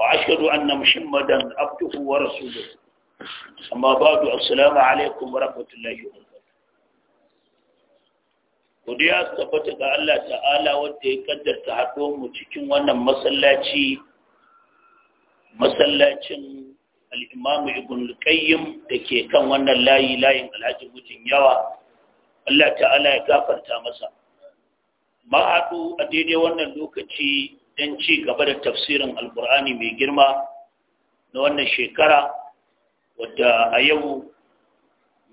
وأشهد أن محمدا عبده ورسوله أما بعد السلام عليكم ورحمة الله وبركاته godiya tabbata ga Allah ta'ala wanda ya kaddarta haɗo mu cikin wannan masallaci masallacin al-Imam da ke kan wannan layi layin Alhaji Mutun Yawa Allah ta'ala ya gafarta masa ma haɗu a daidai wannan lokaci don ci gaba da tafsirin alkur'ani mai girma na wannan shekara wadda a yau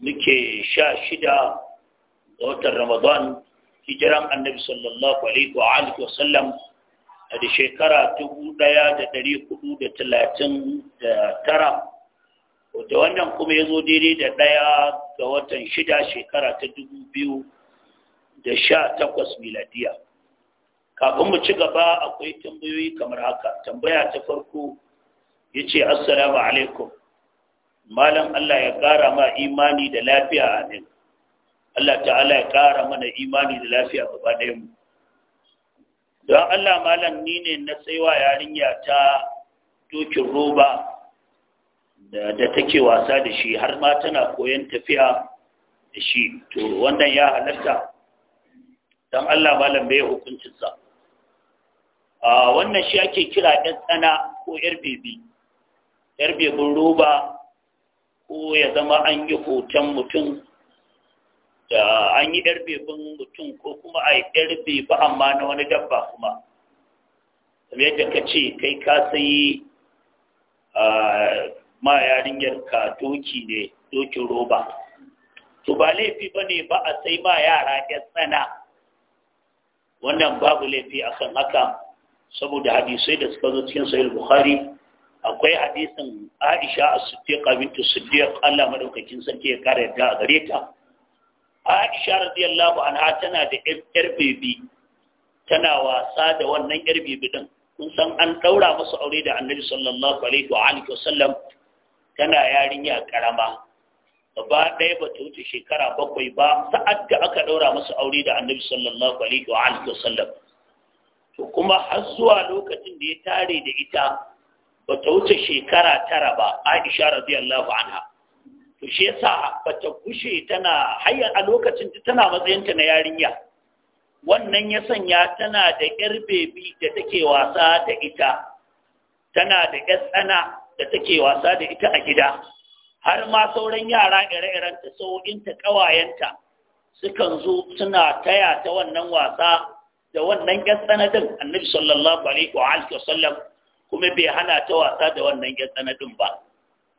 muke sha shida ga watan ramadan hijiran annabi sallallahu alaihi wa alihi wa sallam a da shekara 1439 wadda wannan kuma ya zo daidai da ɗaya ga watan shida shekara ta 2018 miladiya kafin mu ci gaba akwai tambayoyi kamar haka tambaya ta farko ya ce assalamu alaikum malam Allah ya ƙara ma imani da lafiya a amin Allah ta'ala ya ƙara mana imani da lafiya gaba ɗaya mu don Allah malam ni ne na tsaiwa yarinya ta dokin roba da take wasa da shi har ma tana koyon tafiya da shi to wannan ya halarta? don Allah malam bai hukuncinsa wannan shi ake kira ɗan tsana ko ƴar bebi bebin roba ko ya zama an yi hoton mutum da an yi mutum ko kuma a yi yar bebi amma na wani dabba kuma kamar yadda ka ce kai ka sayi ma yarinyarka doki ne dokin roba to ba laifi ba ne ba a sai ma yara ɗan tsana wannan babu laifi akan haka saboda hadisai da suka zo cikin sahih bukhari akwai hadisin aisha as-siddiqa bintu siddiq Allah madaukakin sarki ya kare ta a gare ta aisha radiyallahu anha tana da yar bebi tana wasa da wannan yar bebi din kun san an daura musu aure da annabi sallallahu alaihi wa alihi wasallam tana yarinya karama gaba ɗaya ba ta wuce shekara bakwai ba sa'ad da aka daura musu aure da annabi sallallahu alaihi wa alihi wasallam to kuma har zuwa lokacin da ya tare da ita ba ta wuce shekara tara ba aisha radiyallahu anha to shi yasa ba ta tana hayya a lokacin da tana matsayinta na yarinya wannan ya sanya tana da yar bebi da take wasa da ita tana da yar tsana da take wasa da ita a gida har ma sauran yara ire-irenta sau'inta ƙawayenta sukan zo suna taya ta wannan wasa da wannan yan tsanadin annabi sallallahu alaihi wa alihi wa sallam kuma bai hana ta wasa da wannan yan tsanadin ba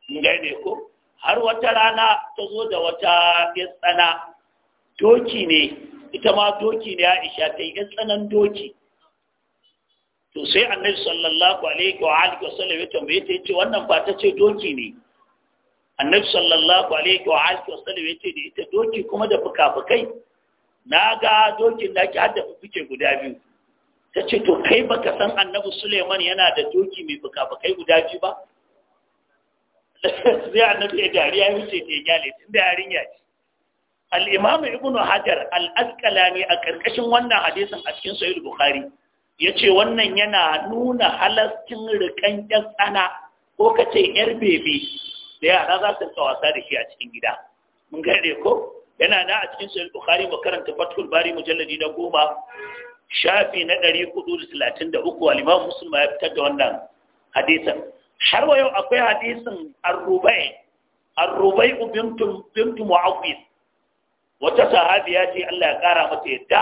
mun gane ko har wata rana ta zo da wata yan tsana doki ne ita ma doki ne Aisha ta yi tsanan doki to sai annabi sallallahu alaihi wa alihi wa sallam ya tambaye ta yace wannan ba ta ce doki ne annabi sallallahu alaihi wa alihi wa sallam ya ce da ita doki kuma da fuka-fukai na ga dokin da ki hadda fuke guda biyu ta ce to kai baka san annabi suleiman yana da doki mai bukabakai guda biyu ba sai annabi ya dariya ya wuce ta gyale tun da yarinya ce al-imam hajar al a karkashin wannan hadisin a cikin sahih bukhari yace wannan yana nuna halaskin rikan yan tsana ko kace yar bebe da yara za su wasa da shi a cikin gida mun gane ko yana da a cikin sahih bukhari mu karanta fathul bari mujalladi na goma shafi na 433 al-imam muslim ya fitar da wannan hadisin har wa yau akwai hadisin ar-rubai ar-rubai bintu bintu mu'awwid wata sahabiya ce Allah ya kara mata yadda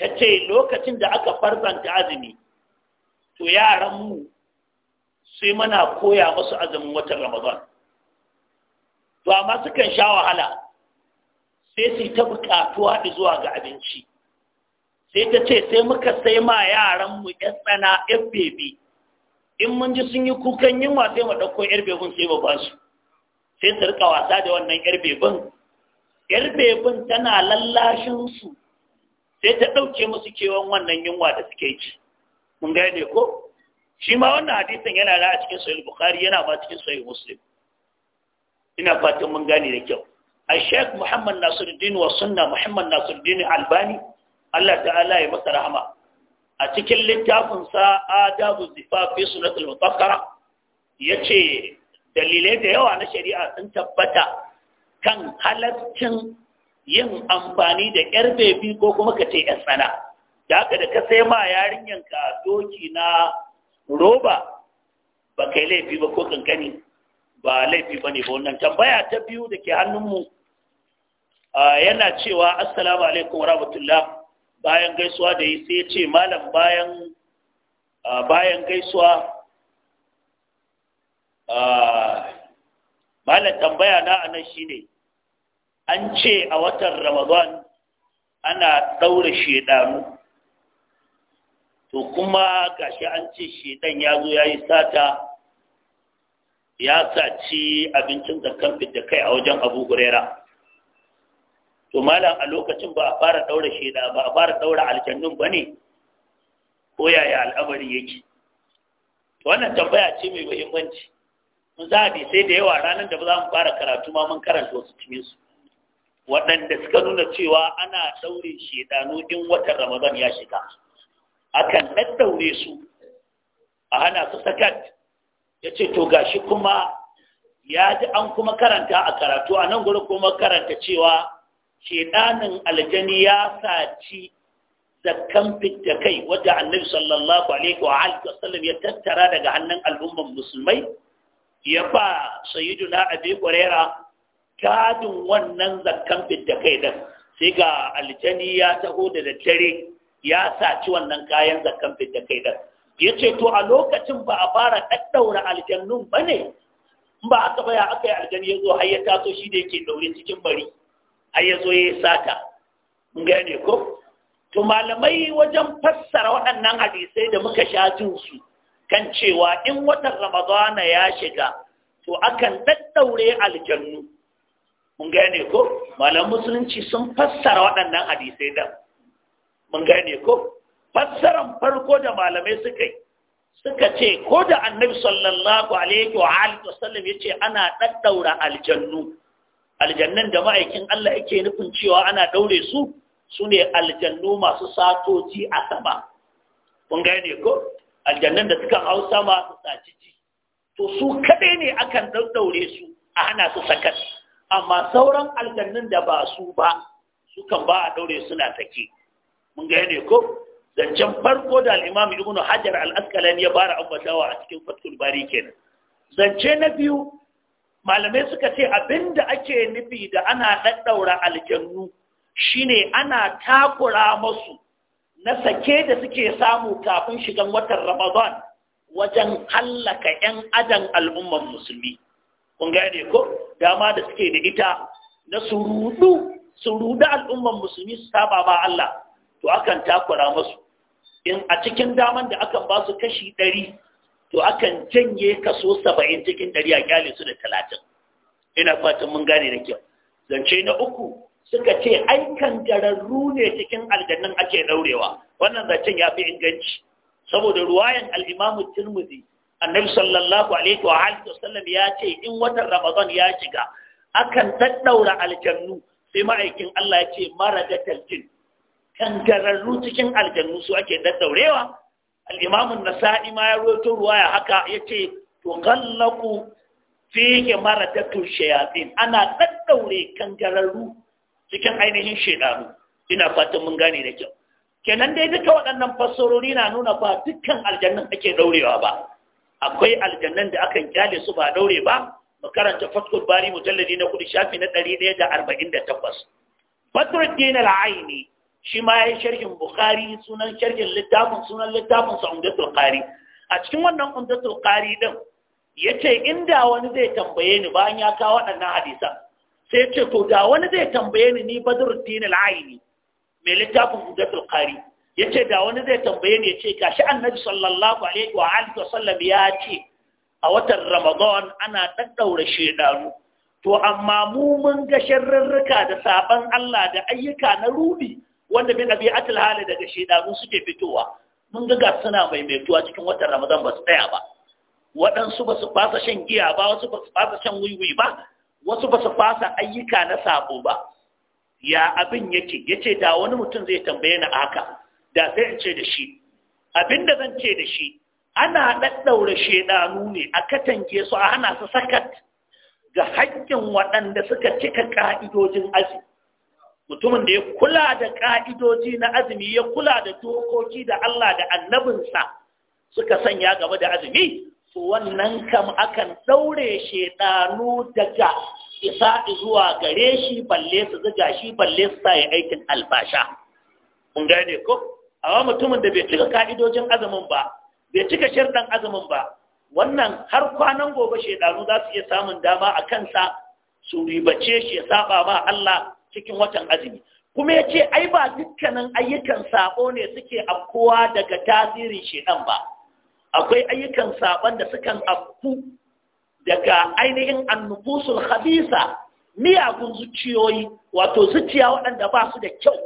ta ce lokacin da aka farzanta azumi to yaran mu sai mana koya masu azumin watan ramadan to amma sukan sha wahala sai su ta bukatuwa da zuwa ga abinci sai ta ce sai muka sai ma yaranmu yan tsana yan bebe in mun ji sun yi kukan yunwa sai mu ɗauko yar bebin sai mu ba su sai su rika wasa da wannan yar bebin yar bebin tana lallashin su sai ta ɗauke musu kewan wannan yunwa da suke ci mun gane ko shi ma wannan hadisin yana da a cikin sahih bukhari yana ba cikin sahih muslim ina fatan mun gane da kyau الشيخ محمد ناصر الدين والسنة محمد ناصر الدين الباني الله تعالى يمسى رحمه أتكل لتافن سا آداب الزفاف في سنة المطهرة يتشي dalilai da yawa na shari'a sun tabbata kan halaccin yin amfani da yar bebi ko kuma ka ce yar tsana da haka da ka sai ma yarinyanka doki na roba ba kai laifi ba ko kankani ba laifi ba ne ba wannan tambaya ta biyu da ke hannunmu yana cewa assalamu alaikum wa rahmatullah bayan gaisuwa da yi sai ya ce malam bayan bayan gaisuwa malam tambaya na anan ne. an ce a watan ramadan ana daura shedanu to kuma gashi an ce shedan ya zo ya yi sata ya saci abincin zakkan da kai a wajen abu huraira to malam a lokacin ba a fara daura sheda ba a fara daura aljannun ba ne ko yaya al'amari yake wannan tambaya ce mai muhimmanci mun za a sai da yawa ranar da ba za mu fara karatu ma mun karanta wasu cikin su waɗanda suka nuna cewa ana daure sheda in watan ramadan ya shiga akan daddaure su a hana su sakat ya ce to gashi kuma ya ji an kuma karanta a karatu a nan guri kuma karanta cewa shedanin aljani ya saci zakkan fidda kai wadda annabi sallallahu alaihi wa alihi wasallam ya tattara daga hannun al'umman musulmai ya ba sayyiduna abi qurayra kadin wannan zakkan da kai din sai ga aljani ya taho da daddare ya saci wannan kayan zakkan fidda kai ya ce to a lokacin ba a fara ɗaɗɗaura aljannun ba ne ba aka baya aka yi aljanni ya zo har ya taso shi da yake ɗaure cikin bari har ya zo ya yi sata gane ko to malamai wajen fassara waɗannan hadisai da muka sha jinsu kan cewa in watan ramadana ya shiga to akan ɗaɗɗaure aljannu mun gane ko malam musulunci sun fassara waɗannan hadisai da mun gane ko fassaran farko da malamai suka yi suka ce ko da annabi sallallahu alaihi wa alihi wasallam yace ana daddaura aljannu aljannan da ma'aikin Allah yake nufin cewa ana daure su sune aljannu masu satoci a sama kun gane ko aljannan da suka hau sama su saci to su kadai ne akan daddaure su a hana su sakat amma sauran aljannun da ba su ba su kan ba a daure suna take. mun gane ko zancen farko da al'imam ibn hajar al'askalani ya bara ambatawa a cikin fatul bari kenan zance na biyu malamai suka ce abinda ake nufi da ana ɗaɗɗaura aljannu shine ana takura masu na sake da suke samu kafin shigan watan ramadan wajen hallaka 'yan adan al'umman musulmi kun gane ko dama da suke da ita na surudu surudu al'umman musulmi su saba ba Allah to akan takura masu in a cikin daman da aka ba su kashi ɗari to akan janye kaso saba'in cikin ɗari a kyale su da talatin ina fatan mun gane da kyau zance na uku suka ce aikan gararru ne cikin aljannan ake ɗaurewa wannan zancen ya fi inganci saboda ruwayan al'imamu tirmidhi annabi sallallahu alaihi wa alihi wasallam ya ce in watan ramadan ya shiga akan daddaura aljannu sai ma'aikin Allah ya ce mara da jin kangararru cikin aljannu su ake daddaurewa al'imamun nasa'i ma ya roto ruwa ya haka ya ce to kallaku fiye mara ta shayatsin ana daddaure kangararru cikin ainihin shaidanu ina fatan mun gane da kyau kenan dai duka waɗannan fassarori na nuna ba dukkan aljannan ake daurewa ba akwai aljannan da akan kyale su ba daure ba mu karanta fatkul bari mujalladi na kudi shafi na 148 fatruddin al-aini shi ma ya yi sharhin bukhari sunan sharhin littafin sunan littafin sa umdatul tulkari a cikin wannan umdatul tulkari din ya ce inda wani zai tambaye ni bayan ya kawo waɗannan hadisa sai ya ce to da wani zai tambaye ni ni badruddin al'ayini mai littafin tulkari ya ce da wani zai tambaye ni ka shi annabi sallallahu alaihi wa alihi sallam ya ce a watan ramadan ana ɗaɗɗaura shedanu to amma mu mun ga sharrurruka da saban Allah da ayyuka na rubi. wanda bin abi atul hali daga shedanu suke fitowa mun ga suna maimaituwa cikin watan ramadan ba su tsaya ba waɗansu ba su fasa shan giya ba wasu ba su fasa shan wiwi ba wasu ba su fasa ayyuka na sabo ba ya abin yake yace da wani mutum zai tambaye ni haka da sai in ce da shi abin da zan ce da shi ana ɗaɗɗaura shedanu ne a katange su a hana su sakat ga haƙƙin waɗanda suka cika ƙa'idojin aji mutumin da ya kula da ƙa'idoji na azumi ya kula da dokoki da Allah da annabinsa suka sanya gaba da azumi su wannan kam akan ɗaure shaidanu daga isa zuwa gare shi balle su zuga shi balle su sa aikin albasha mun gane ko amma mutumin da bai cika ka'idojin azumin ba bai cika shirɗan azumin ba wannan har kwanan gobe shaidanu za su iya samun dama a kansa su ribace shi ya saba ma Allah cikin watan azumi kuma ya ce ai ba dukkanin ayyukan sabo ne suke afkowa daga tasirin shedan ba akwai ayyukan saban da sukan afku daga ainihin annufusul khabisa miyagun zuciyoyi wato zuciya waɗanda ba su da kyau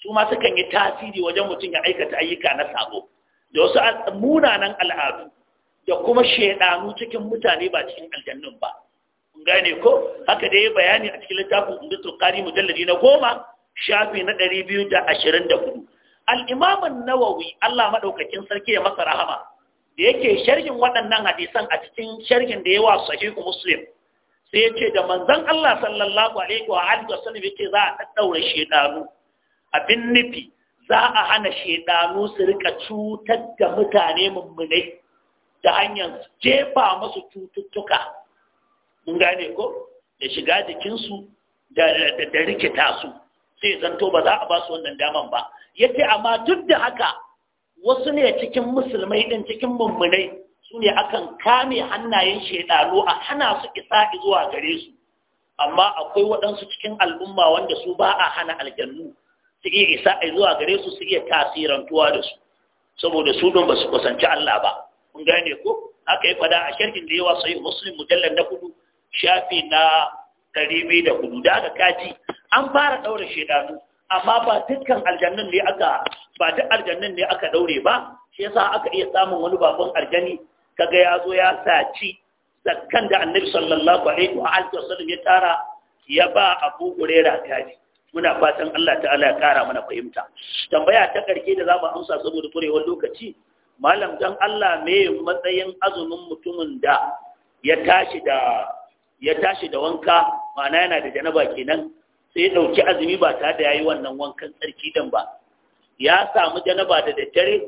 su ma sukan yi tasiri wajen mutum ya aikata ayyuka na sabo da wasu munanan al'adu da kuma shaidanu cikin mutane ba cikin aljannun ba gane ko haka da ya bayani a cikin littafin umdatul qari mujalladi na goma shafi na ɗari biyu da ashirin da hudu nawawi allah maɗaukakin sarki ya masa rahama da yake sharhin waɗannan hadisan a cikin sharhin da yawa sahihu muslim sai ya da manzon allah sallallahu alaihi wa alihi wasallam yake za a ɗaɗɗaure shedanu abin nufi za a hana shedanu su rika cutar da mutane mummunai ta hanyar jefa masu cututtuka mun gane ko da shiga jikinsu da rikita su sai zanto ba za a ba su wannan daman ba yace amma duk da haka wasu ne cikin musulmai din cikin mummunai su ne akan kame hannayen shaidanu a hana su isa zuwa gare su amma akwai waɗansu cikin al'umma wanda su ba a hana aljannu su iya isa zuwa gare su su iya tasirantuwa da su saboda su don ba su kusanci Allah ba mun gane ko haka ya fada a sharhin da yawa sai muslim mujallar na hudu shafi na ɗari biyu da hudu da aka kaji an fara ɗaure shaidanu amma ba dukkan aljannun ne aka ba duk aljannan ne aka ɗaure ba shi yasa aka iya samun wani babban aljani kaga ya zo ya saci zakkan da annabi sallallahu alaihi wa alihi wasallam ya tara ya ba abu gurera kaji muna fatan Allah ta'ala ya kara mana fahimta tambaya ta karke da zamu amsa saboda kurewar lokaci malam dan Allah me matsayin azumin mutumin da ya tashi da ya tashi da wanka ma'ana yana da janaba kenan sai ya ɗauki azumi ba tare da ya wannan wankan tsarki dan ba ya samu janaba da daddare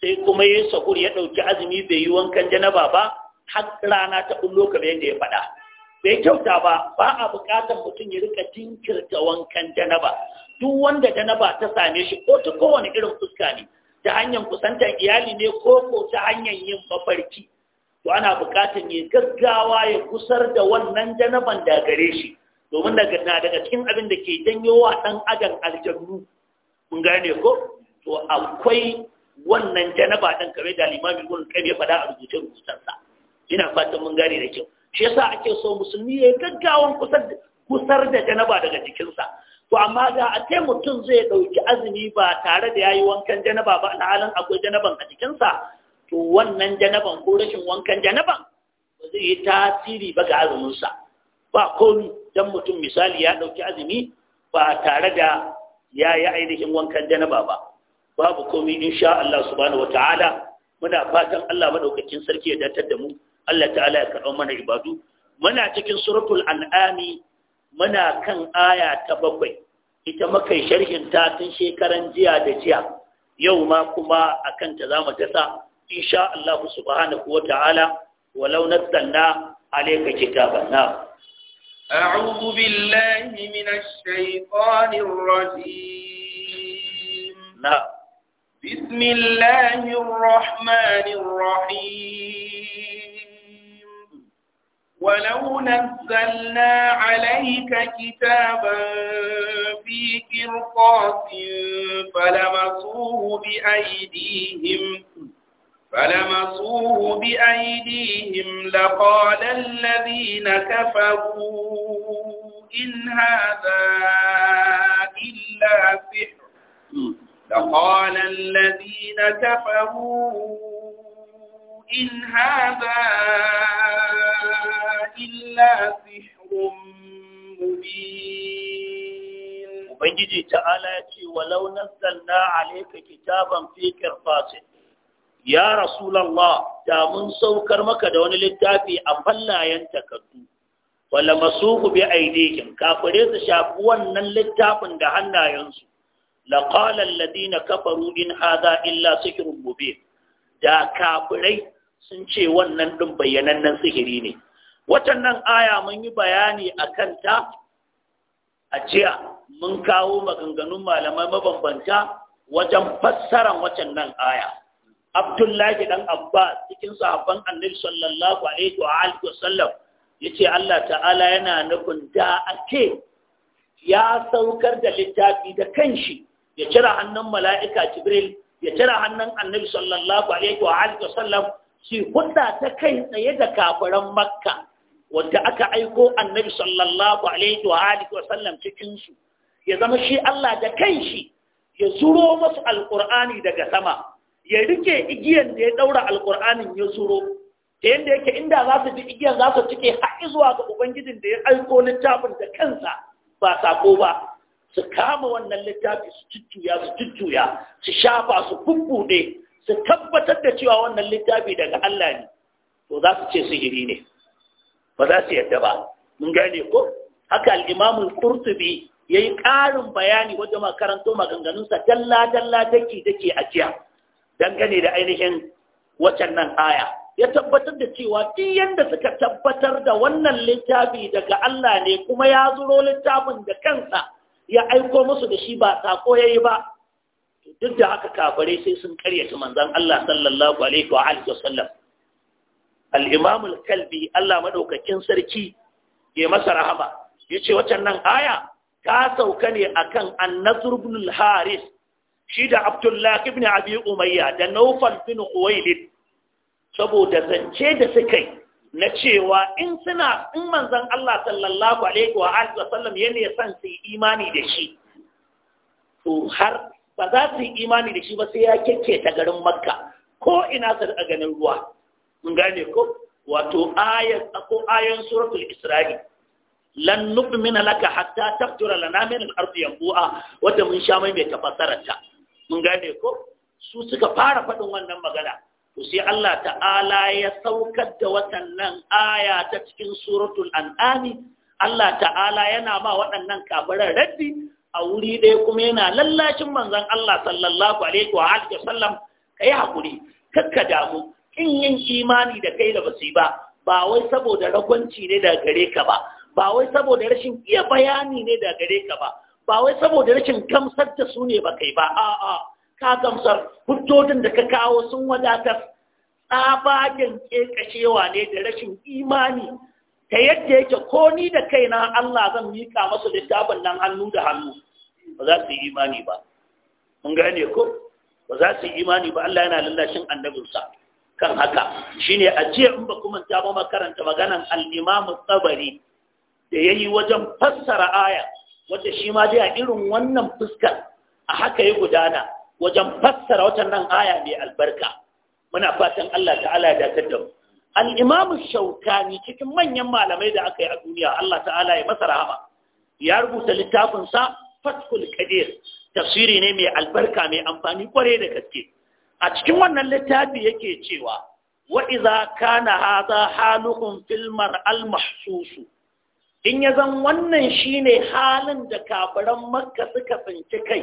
sai kuma ya sahur ya ɗauki azumi bai yi wankan janaba ba har rana ta ɓullo kamar yadda ya faɗa bai kyauta ba ba a buƙatar mutum ya rika jinkirta wankan janaba duk wanda janaba ta same shi ko ta kowane irin fuska ne ta hanyar kusantar iyali ne ko ko ta hanyar yin mafarki to ana buƙatar ya gaggawa ya kusar da wannan janaban da gare shi domin daga na daga cikin abin da ke janyo wa ɗan adam aljannu mun gane ko to akwai wannan janaba ɗin kare da limami gun kai ya faɗa a rubutun rubutansa ina fatan mun gane da kyau shi yasa ake so musulmi ya gaggawan kusar da kusar da janaba daga jikinsa to amma ga a kai mutum zai ɗauki azumi ba tare da yayi wankan janaba ba alhalin akwai janaban a jikinsa to wannan janaban ko rashin wankan janaban ba zai yi tasiri ba ga azuminsa ba komi don mutum misali ya ɗauki azumi ba tare da ya yi ainihin wankan janaba ba babu komi insha Allah subhanahu Ta'ala. muna fatan Allah madaukakin sarki ya datar da mu Allah ta'ala ya karɓa mana ibadu muna cikin suratul an'ami muna kan aya ta bakwai ita makai sharhin ta tun shekaran jiya da jiya yau ma kuma akan ta zamu tasa إن شاء الله سبحانه وتعالى ولو نزلنا عليك كتابا أعوذ بالله من الشيطان الرجيم نعم بسم الله الرحمن الرحيم ولو نزلنا عليك كتابا في قرطاس فلمسوه بأيديهم فلمسوه بأيديهم لقال الذين كفروا إن هذا إلا سحر لقال الذين كفروا إن هذا إلا سحر مبين وبيجي تعالى ولو نزلنا عليك كتابا في قرطاس ya rasulallah da mun saukar maka da wani littafi a fallayen takardu wala masuku bi aidikin kafire su shafi wannan littafin da hannayensu la qala alladina kafaru in hadha illa sihrun mubin da kafirai sun ce wannan din bayyanannen sihiri ne watannan aya mun yi bayani akan ta a jiya mun kawo maganganun malamai mabambanta wajen fassara watannan aya Abdullahi dan Abbas cikin sahabban Annabi sallallahu alaihi wa alihi wasallam yace Allah ta'ala yana nufin da ake ya saukar da littafi da kanshi ya cira hannun mala'ika Jibril ya cira hannun Annabi sallallahu alaihi wa alihi wasallam shi hudda ta kai tsaye da kafiran Makka wanda aka aiko Annabi sallallahu alaihi wa alihi wasallam cikin su ya zama shi Allah da kanshi ya zuro masu alqur'ani daga sama ya rike igiyan da ya daura alkur'anin ya suro ta yadda yake inda za su ji igiyan za su cike haƙi zuwa ga ubangijin da ya aiko littafin da kansa ba sako ba su kama wannan littafi su ciccuya su ciccuya su shafa su bubbuɗe su tabbatar da cewa wannan littafi daga Allah ne to za su ce sihiri ne ba za su yadda ba mun gane ko haka al-Imam ya qurtubi ƙarin bayani wajen makaranto maganganunsa dalla dalla take a jiya. dangane da ainihin wacan nan aya ya tabbatar da cewa duk yanda suka tabbatar da wannan littafi daga Allah ne kuma ya zuro littafin da kansa ya aiko musu da shi ba sako yayi ba duk da haka kafare sai sun karyata manzon Allah sallallahu alaihi wa alihi wasallam al-imam al-kalbi Allah madaukakin sarki ya masa rahama yace wacan nan aya ta sauka ne akan an-nasr ibn haris shi da abdullahi ibn abi umayya da naufal bin uwailid saboda zance da suka yi na cewa in suna in manzon Allah sallallahu alaihi wa alihi wasallam yana son su yi imani da shi to har ba za su yi imani da shi ba sai ya keke ta garin makka ko ina su da ganin ruwa mun gane ko wato ayat ko ayan suratul isra'i lan nubmina laka hatta tafjura lana min al-ardi yanbu'a wanda mun sha mai mai tafassarar ta mun gane ko su suka fara faɗin wannan magana to sai Allah ta'ala ya saukar da waɗannan aya ta cikin suratul an'ami Allah ta'ala yana ba waɗannan kafiran raddi a wuri ɗaya kuma yana lallacin manzon Allah sallallahu alaihi wa alihi wasallam kai hakuri kakka damu in yin imani da kai da basi ba ba wai saboda ragwanci ne da gare ka ba ba wai saboda rashin iya bayani ne da gare ka ba ba wai saboda rashin gamsar da su ne ba kai ba a'a ka gamsar hujjojin da ka kawo sun wadatar tsabagen kekashewa ne da rashin imani ta yadda yake ko ni da kaina Allah zan mika masa littafin nan hannu da hannu ba za su yi imani ba mun gane ko ba za su yi imani ba Allah yana lallashin annabinsa kan haka shine a jiya in ba kuma ta ba makaranta maganan al-Imam Tabari da yayi wajen fassara aya wanda shi ma dai a irin wannan fuskar a haka ya gudana wajen fassara watannan aya mai albarka muna fatan Allah ta'ala ya da mu al-imam shaukani cikin manyan malamai da aka yi a duniya Allah ta'ala ya masa rahama ya rubuta littafin sa fathul qadir tafsiri ne mai albarka mai amfani kware da gaske a cikin wannan littafi yake cewa wa idza kana hadha halukum fil mar'al mahsusu in ya zan wannan shine halin da kafiran makka suka tsinci kai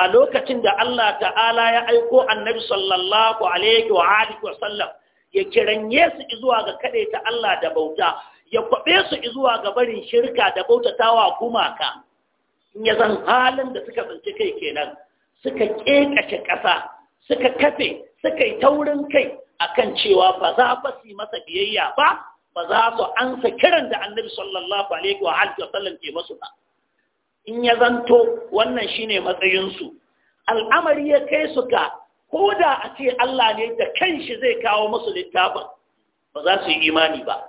a lokacin da Allah ta'ala ya aiko annabi sallallahu alaihi wa alihi wa ya kiranye su zuwa ga kade ta Allah da bauta ya kwabe su zuwa ga barin shirka da bautatawa gumaka in ya zan halin da suka tsinci kai kenan suka kekace ƙasa suka kafe suka yi taurin kai akan cewa ba za ba su yi masa biyayya ba ba za su ansa kiran da annabi sallallahu alaihi wa alihi wa sallam ke masu ba in ya zanto wannan shine matsayinsu al'amari ya kai su ga ko da a ce Allah ne da kanshi zai kawo musu littafin ba za su yi imani ba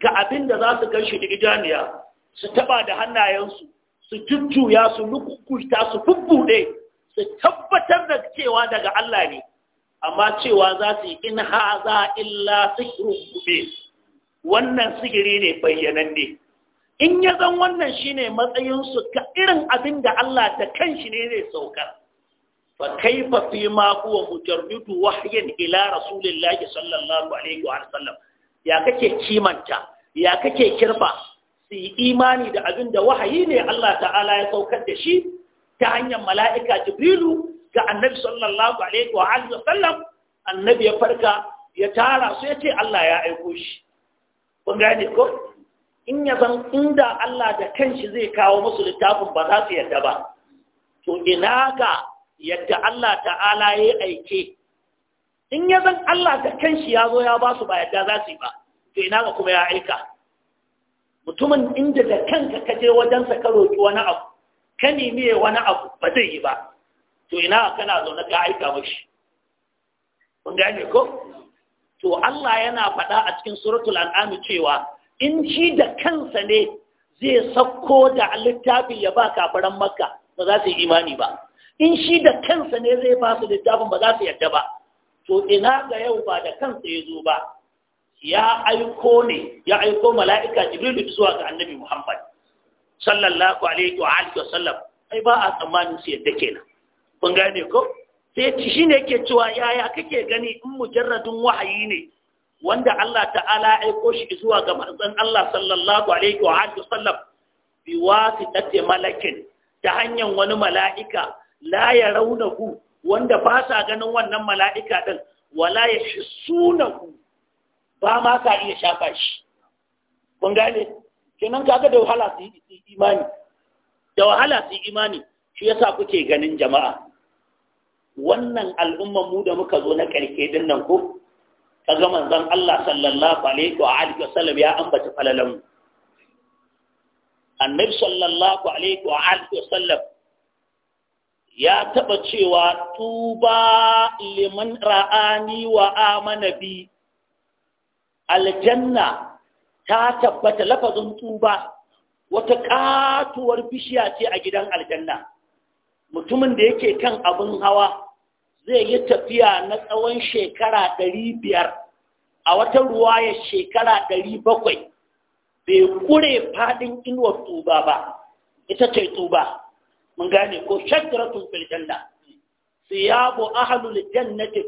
ga abin da za su gan shi digijaniya su taba da hannayensu su jujjuya su lukukuta su bubbuɗe su tabbatar da cewa daga Allah ne amma cewa za su yi in haza illa sihrun mubin wannan sigiri ne bayyananne in ya zan wannan shine matsayinsu ga irin abin da Allah ta kanshi ne zai saukar fa kaifa fi ma huwa mujarridu wahyin ila rasulillahi sallallahu alaihi wa sallam ya kake kimanta ya kake kirba su yi imani da abin da wahayi ne Allah ta'ala ya saukar da shi ta hanyar mala'ika jibrilu ga annabi sallallahu alaihi wa sallam annabi ya farka ya tara su ya ce Allah ya aiko shi kun gane ko in yaban inda Allah da kanshi zai kawo musu littafin ba za su yadda ba to ina ga yadda Allah ta'ala ya aike in ya Allah da kanshi ya zo ya ba su ba yadda za su yi ba to ina ga kuma ya aika mutumin inda da kanka ka je sa ka roki wani abu ka nemi wani abu ba zai yi ba to ina kana zaune ka aika mashi kun gane ko to Allah yana faɗa a cikin suratul an'am cewa in shi da kansa ne zai sakko da littafin ya ba kafaran makka ba za su yi imani ba in shi da kansa ne zai ba su littafin ba za su yadda ba to ina ga yau ba da kansa ya zo ba ya aiko ne ya aiko mala'ika jibrilu zuwa ga annabi muhammad sallallahu alaihi wa alihi wa sallam ai ba a tsammanin su yadda kenan kun gane ko sai shi ne ke cewa yaya kake gani in mujarradin wahayi ne wanda Allah ta'ala aiko shi zuwa ga manzon Allah sallallahu alaihi wa alihi Sallam, bi wasitati malakin ta hanyar wani mala'ika la ya raunahu wanda ba sa ganin wannan mala'ika din wala ya shisunahu ba ma ka iya shafa shi kun gane kenan kaga da wahala su yi imani da wahala su yi imani shi yasa kuke ganin jama'a wannan al'umman mu da muka zo na karke din nan ko ga manzon Allah sallallahu alaihi wa alihi wasallam ya ambata falalan annabi sallallahu alaihi wa alihi wasallam ya taba cewa tuba liman ra'ani wa amana bi aljanna ta tabbata lafazin tuba wata katuwar bishiya ce a gidan aljanna mutumin da yake kan abin hawa zai yi tafiya na tsawon shekara ɗari biyar a wata ruwaya shekara ɗari bakwai bai kure faɗin inuwar tuba ba ita ce tuba mun gane ko shakratun fil janna siyabu ahlul jannati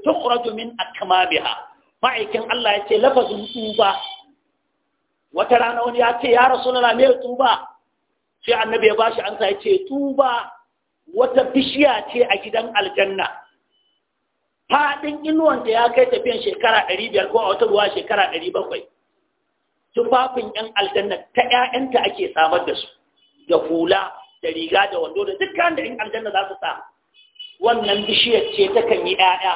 a kama biya ma'aikin Allah ya ce lafazin tuba wata rana wani ya ce ya rasu na rame tuba sai annabi ya bashi ansa ya ce tuba wata bishiya ce a gidan aljanna faɗin inuwan da ya kai tafiyan shekara ɗari biyar ko a wata ruwa shekara ɗari bakwai tufafin ‘yan aljanna ta ‘ya'yanta ake samar da su da hula da riga da wando da dukkan da ‘yan aljanna za su sa wannan bishiyar ce ta kan yi ‘ya'ya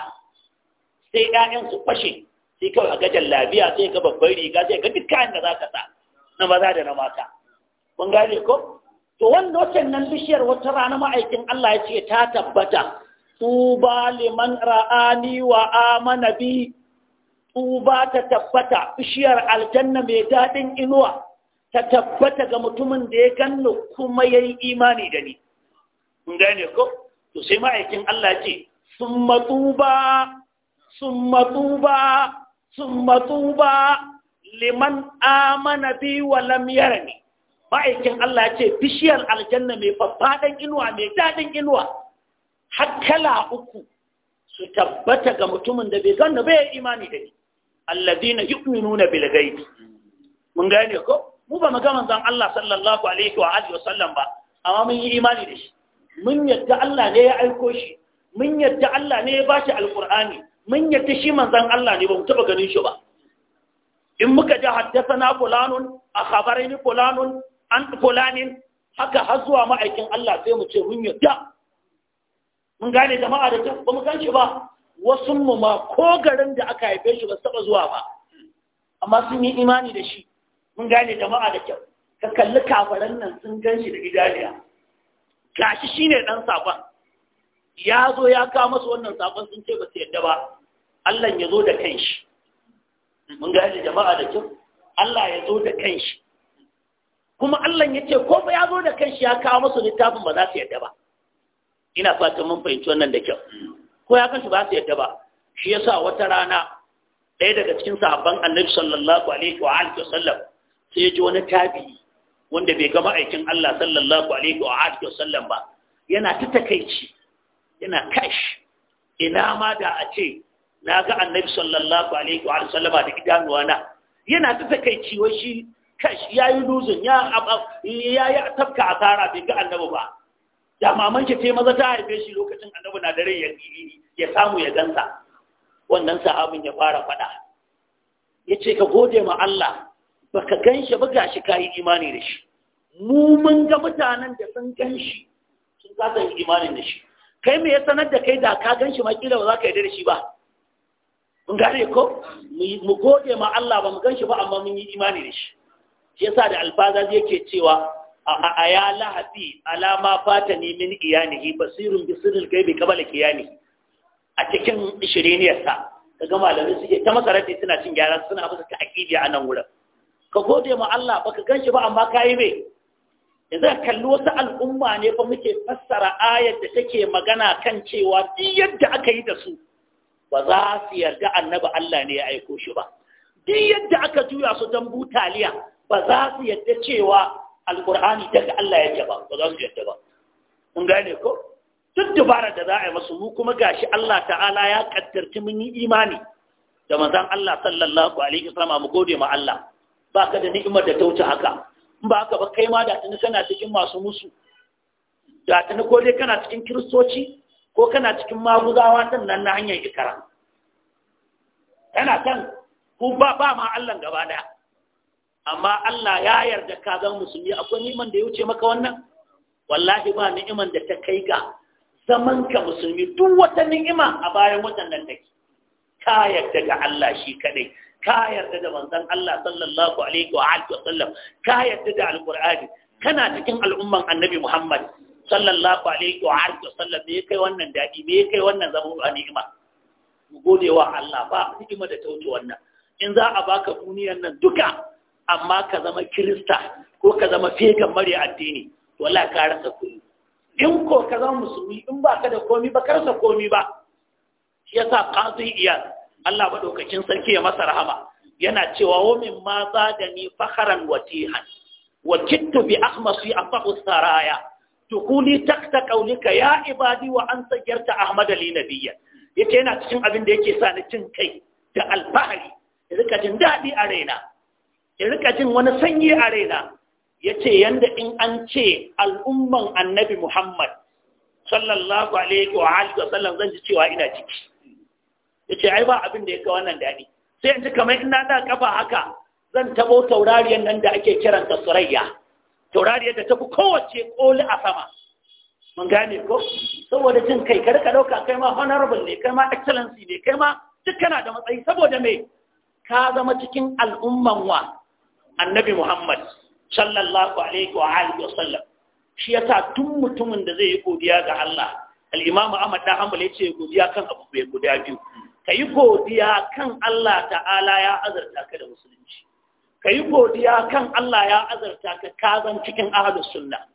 sai ‘ya'yan su fashe sai kawai a gajan labiya sai ga babbar riga sai ga dukkan da za ka sa na maza da na mata kun gane ko to wannan wacce nan bishiyar wata rana ma'aikin Allah ya ce ta tabbata tuba liman ra'ani wa amana bi tuba ta tabbata bishiyar aljanna mai daɗin inuwa ta tabbata ga mutumin da ya gannu kuma ya yi imani da ni gane ko to sai ma'aikin Allah ce sun matuba sun matuba sun matuba liman amana bi wa lam yarani ma'aikin Allah ce bishiyar aljanna mai faffaɗan inuwa mai daɗin inuwa har kala uku su tabbata ga mutumin da bai ganna bai imani da ni allazina yu'minuna bil ghaib mun gane ko mu ba maganan zan Allah sallallahu alaihi wa alihi wasallam ba amma mun yi imani da shi mun yadda Allah ne ya aiko shi mun yadda Allah ne ya bashi alqur'ani mun yadda shi manzon Allah ne ba mu taba ganin shi ba in muka ji haddasana fulanun a khabarini fulanun an fulanin haka har zuwa ma'aikin Allah sai mu ce mun yadda mun gane jama'a da kyau ba mu san shi ba wasu mu ma ko garin da aka haife shi ba su taba zuwa ba amma sun yi imani da shi mun gane jama'a da kyau ka kalli kafaran nan sun gan shi da idaniya gashi shine dan sakon ya zo ya kawo masa wannan sakon sun ce ba su yadda ba Allah ya zo da kanshi mun gane jama'a da kyau Allah ya zo da kanshi kuma Allah ya ce ko ba ya zo da kanshi ya kawo masa littafin ba za su yadda ba ina fatan mun fahimci wannan da kyau ko ya kasu ba su yadda ba shi yasa wata rana ɗaya daga cikin sahabban annabi sallallahu alaihi wa alihi wasallam sai ya ji wani tabi wanda bai gama aikin Allah sallallahu alaihi wa alihi wasallam ba yana ta takaici yana kash ina ma da a ce na ga annabi sallallahu alaihi wa alihi wasallam da idanuwa na yana ta takaici wai shi kash yayi luzun ya ya ya tafka asara bai ga annabi ba da maman shi ce maza ta haife shi lokacin annabi na dare ya ya samu ya gansa wannan sahabin ya fara faɗa ya ce ka gode ma Allah baka ganshi shi ba gashi kai imani da shi mu mun ga mutanen da sun ganshi sun kasa yin imanin da shi kai me ya sanar da kai da ka ganshi ma kila ba za ka yi da shi ba mun gane ko mu gode ma Allah ba mu ganshi ba amma mun yi imani da shi shi yasa da alfaza yake cewa a ya lahafi alama fata ni min iyanihi basirun bi sirril gaibi qabla a cikin shiriniyarsa kaga malami suke ta masarati suna cin gyara suna musu ta aqidi a nan wurin ka gode ma Allah baka shi ba amma ka kai me yanzu kalli wasu al'umma ne fa muke fassara ayar da take magana kan cewa duk yadda aka yi da su ba za su yarda annabi Allah ne ya aiko shi ba duk yadda aka juya su dan butaliya ba za su yarda cewa alƙur'ani daga Allah yake ba ba za su yadda ba mun gane ko duk dubara da za a yi masu mu kuma gashi Allah ta'ala ya kaddarci mun yi imani da manzon Allah sallallahu alaihi wasallam mu gode ma Allah baka da ni'imar da ta wuce haka in ba haka ba kai ma da tuni kana cikin masu musu da tuni ko dai kana cikin kiristoci ko kana cikin maguzawa din nan na hanyar ikara kana kan ku ba ba ma Allah gaba daya amma Allah ya yarda ka zama musulmi akwai niman da ya wuce maka wannan wallahi ba ni'iman da ta kai ga zaman ka musulmi duk wata ni'ima a bayan waɗannan take ka yarda ga Allah shi kadai ka yarda da manzon Allah sallallahu alaihi wa alihi wa sallam ka yarda da alqur'ani kana cikin al'umman annabi Muhammad sallallahu alaihi wa alihi wa sallam me kai wannan dadi me kai wannan zaman ni'ima mu gode wa Allah ba ni'ima da ta wuce wannan in za a baka duniyar nan duka amma ka zama kirista ko ka zama fegan mare addini wala ka rasa kuɗi in ko ka zama musulmi in ba ka da komi ba ka rasa komi ba shi yasa qadi iyad Allah madaukakin sarki ya masa rahama yana cewa wa min da ni fakharan watihan wa kittu bi ahmasi afahu saraya tukuli takta qaulika ya ibadi wa an sajarta ahmad li nabiyya yace yana cikin abin da yake sa ni cin kai da alfahari da rika jin dadi a raina in rika jin wani sanyi a raina ya ce yadda in an ce al'umman annabi Muhammad sallallahu alaihi wa alihi Sallan zan ji cewa ina ciki ya ce ai ba abin da ya ga wannan daɗi sai in ji kamar ina da kafa haka zan tabo taurariyar nan da ake kiranta surayya taurariyar da ta fi kowace koli a sama mun gane ko saboda jin kai ka rika ɗauka kai ma honorable ne kai ma excellency ne kai ma duk da matsayi saboda me ka zama cikin al'umman wa annabi Muhammad sallallahu alaihi wa alihi wa sallam shi yasa tun mutumin da zai yi godiya ga Allah al-Imam Ahmad dan Hanbal yace godiya kan abu bai guda biyu kayi godiya kan Allah ta'ala ya azarta ka da musulunci kayi godiya kan Allah ya azarta ka ka zan cikin ahlus sunna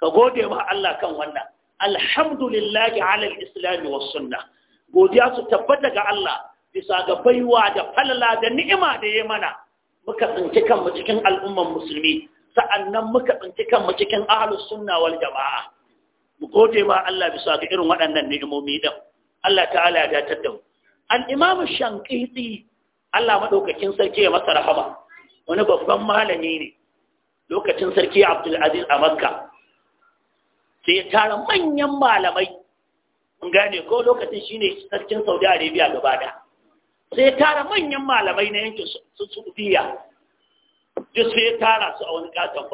ka gode wa Allah kan wannan alhamdulillahi ala al-islam wasunna. sunna godiya su tabbata ga Allah bisa ga baiwa da falala da ni'ima da yayi mana muka tsinci kanmu cikin al'umman musulmi sa'annan muka tsinci kanmu cikin ahlus sunna wal jama'a mu gode ma Allah bisa ga irin waɗannan ni'imomi din Allah ta'ala ya datar da mu an imam shankiti Allah madaukakin sarki ya masa rahama wani babban malami ne lokacin sarki Abdul Aziz a Makka sai ya tara manyan malamai mun gane ko lokacin shine sarkin Saudi Arabia gaba daya sai tara manyan malamai na yankin su biya. duk sai tara su a wani katon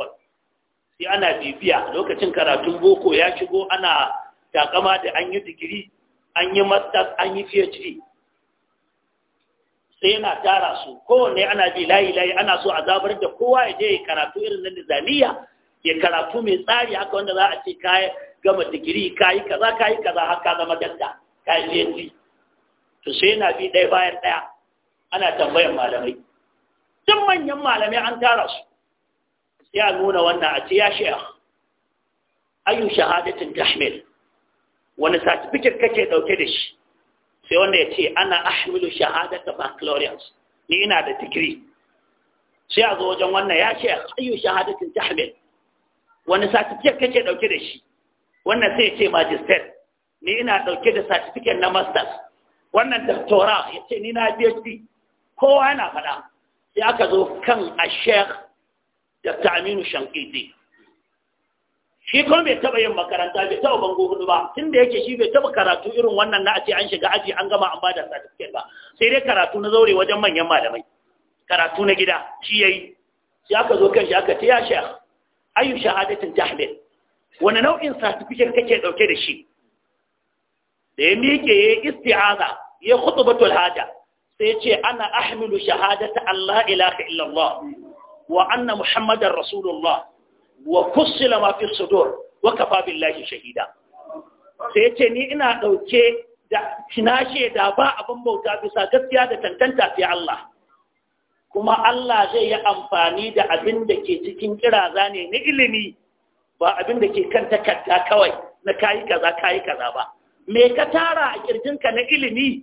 sai ana bibiya lokacin karatun boko ya shigo ana takama da an yi digiri an yi masters an yi phd sai yana tara su kowane ana bi layi layi ana so a zabar da kowa ya je ya karatu irin na nizamiya ya karatu mai tsari haka wanda za a ce ka gama digiri kayi yi kaza ka kaza haka zama danda ka yi to sai yana bi ɗaya bayan ɗaya ana tambayan malamai duk manyan malamai an tara su sai nuna wannan a ce ya shekh ayu shahadatin tahmil wani certificate kake ɗauke da shi sai wanda ya ce ana ahmilu shahadata baccalaureus ni ina da digiri sai a zo wajen wannan ya ce ayu shahadatin tahmil wani certificate kake ɗauke da shi wannan sai ya ce magister ni ina ɗauke da certificate na masters wannan doctora ya ce ni na phd kowa yana faɗa sai aka zo kan a sheikh dr aminu shankiti shi kuma bai taɓa yin makaranta bai taɓa bango hudu ba tun da yake shi bai taɓa karatu irin wannan na a ce an shiga aji an gama an ba da certificate ba sai dai karatu na zaure wajen manyan malamai karatu na gida shi yayi sai aka zo kan shi aka ce ya sheikh ayu shahadatin tahmil wani nau'in certificate kake dauke da shi da ya miƙe ya isti'aza ya khutbatul haja sai ce ana ahmilu ta Allah ilaha illallah wa anna muhammadar rasulullah wa fussila ma sudur wa kafa billahi shahida sai ce ni ina dauke da tinashe da ba abin bauta bisa gaskiya da tantanta fi Allah kuma Allah zai yi amfani da abin da ke cikin kiraza ne na ilimi ba abin da ke kan takarda kawai na kayi kaza kayi kaza ba me ka tara a kirjinka na ilimi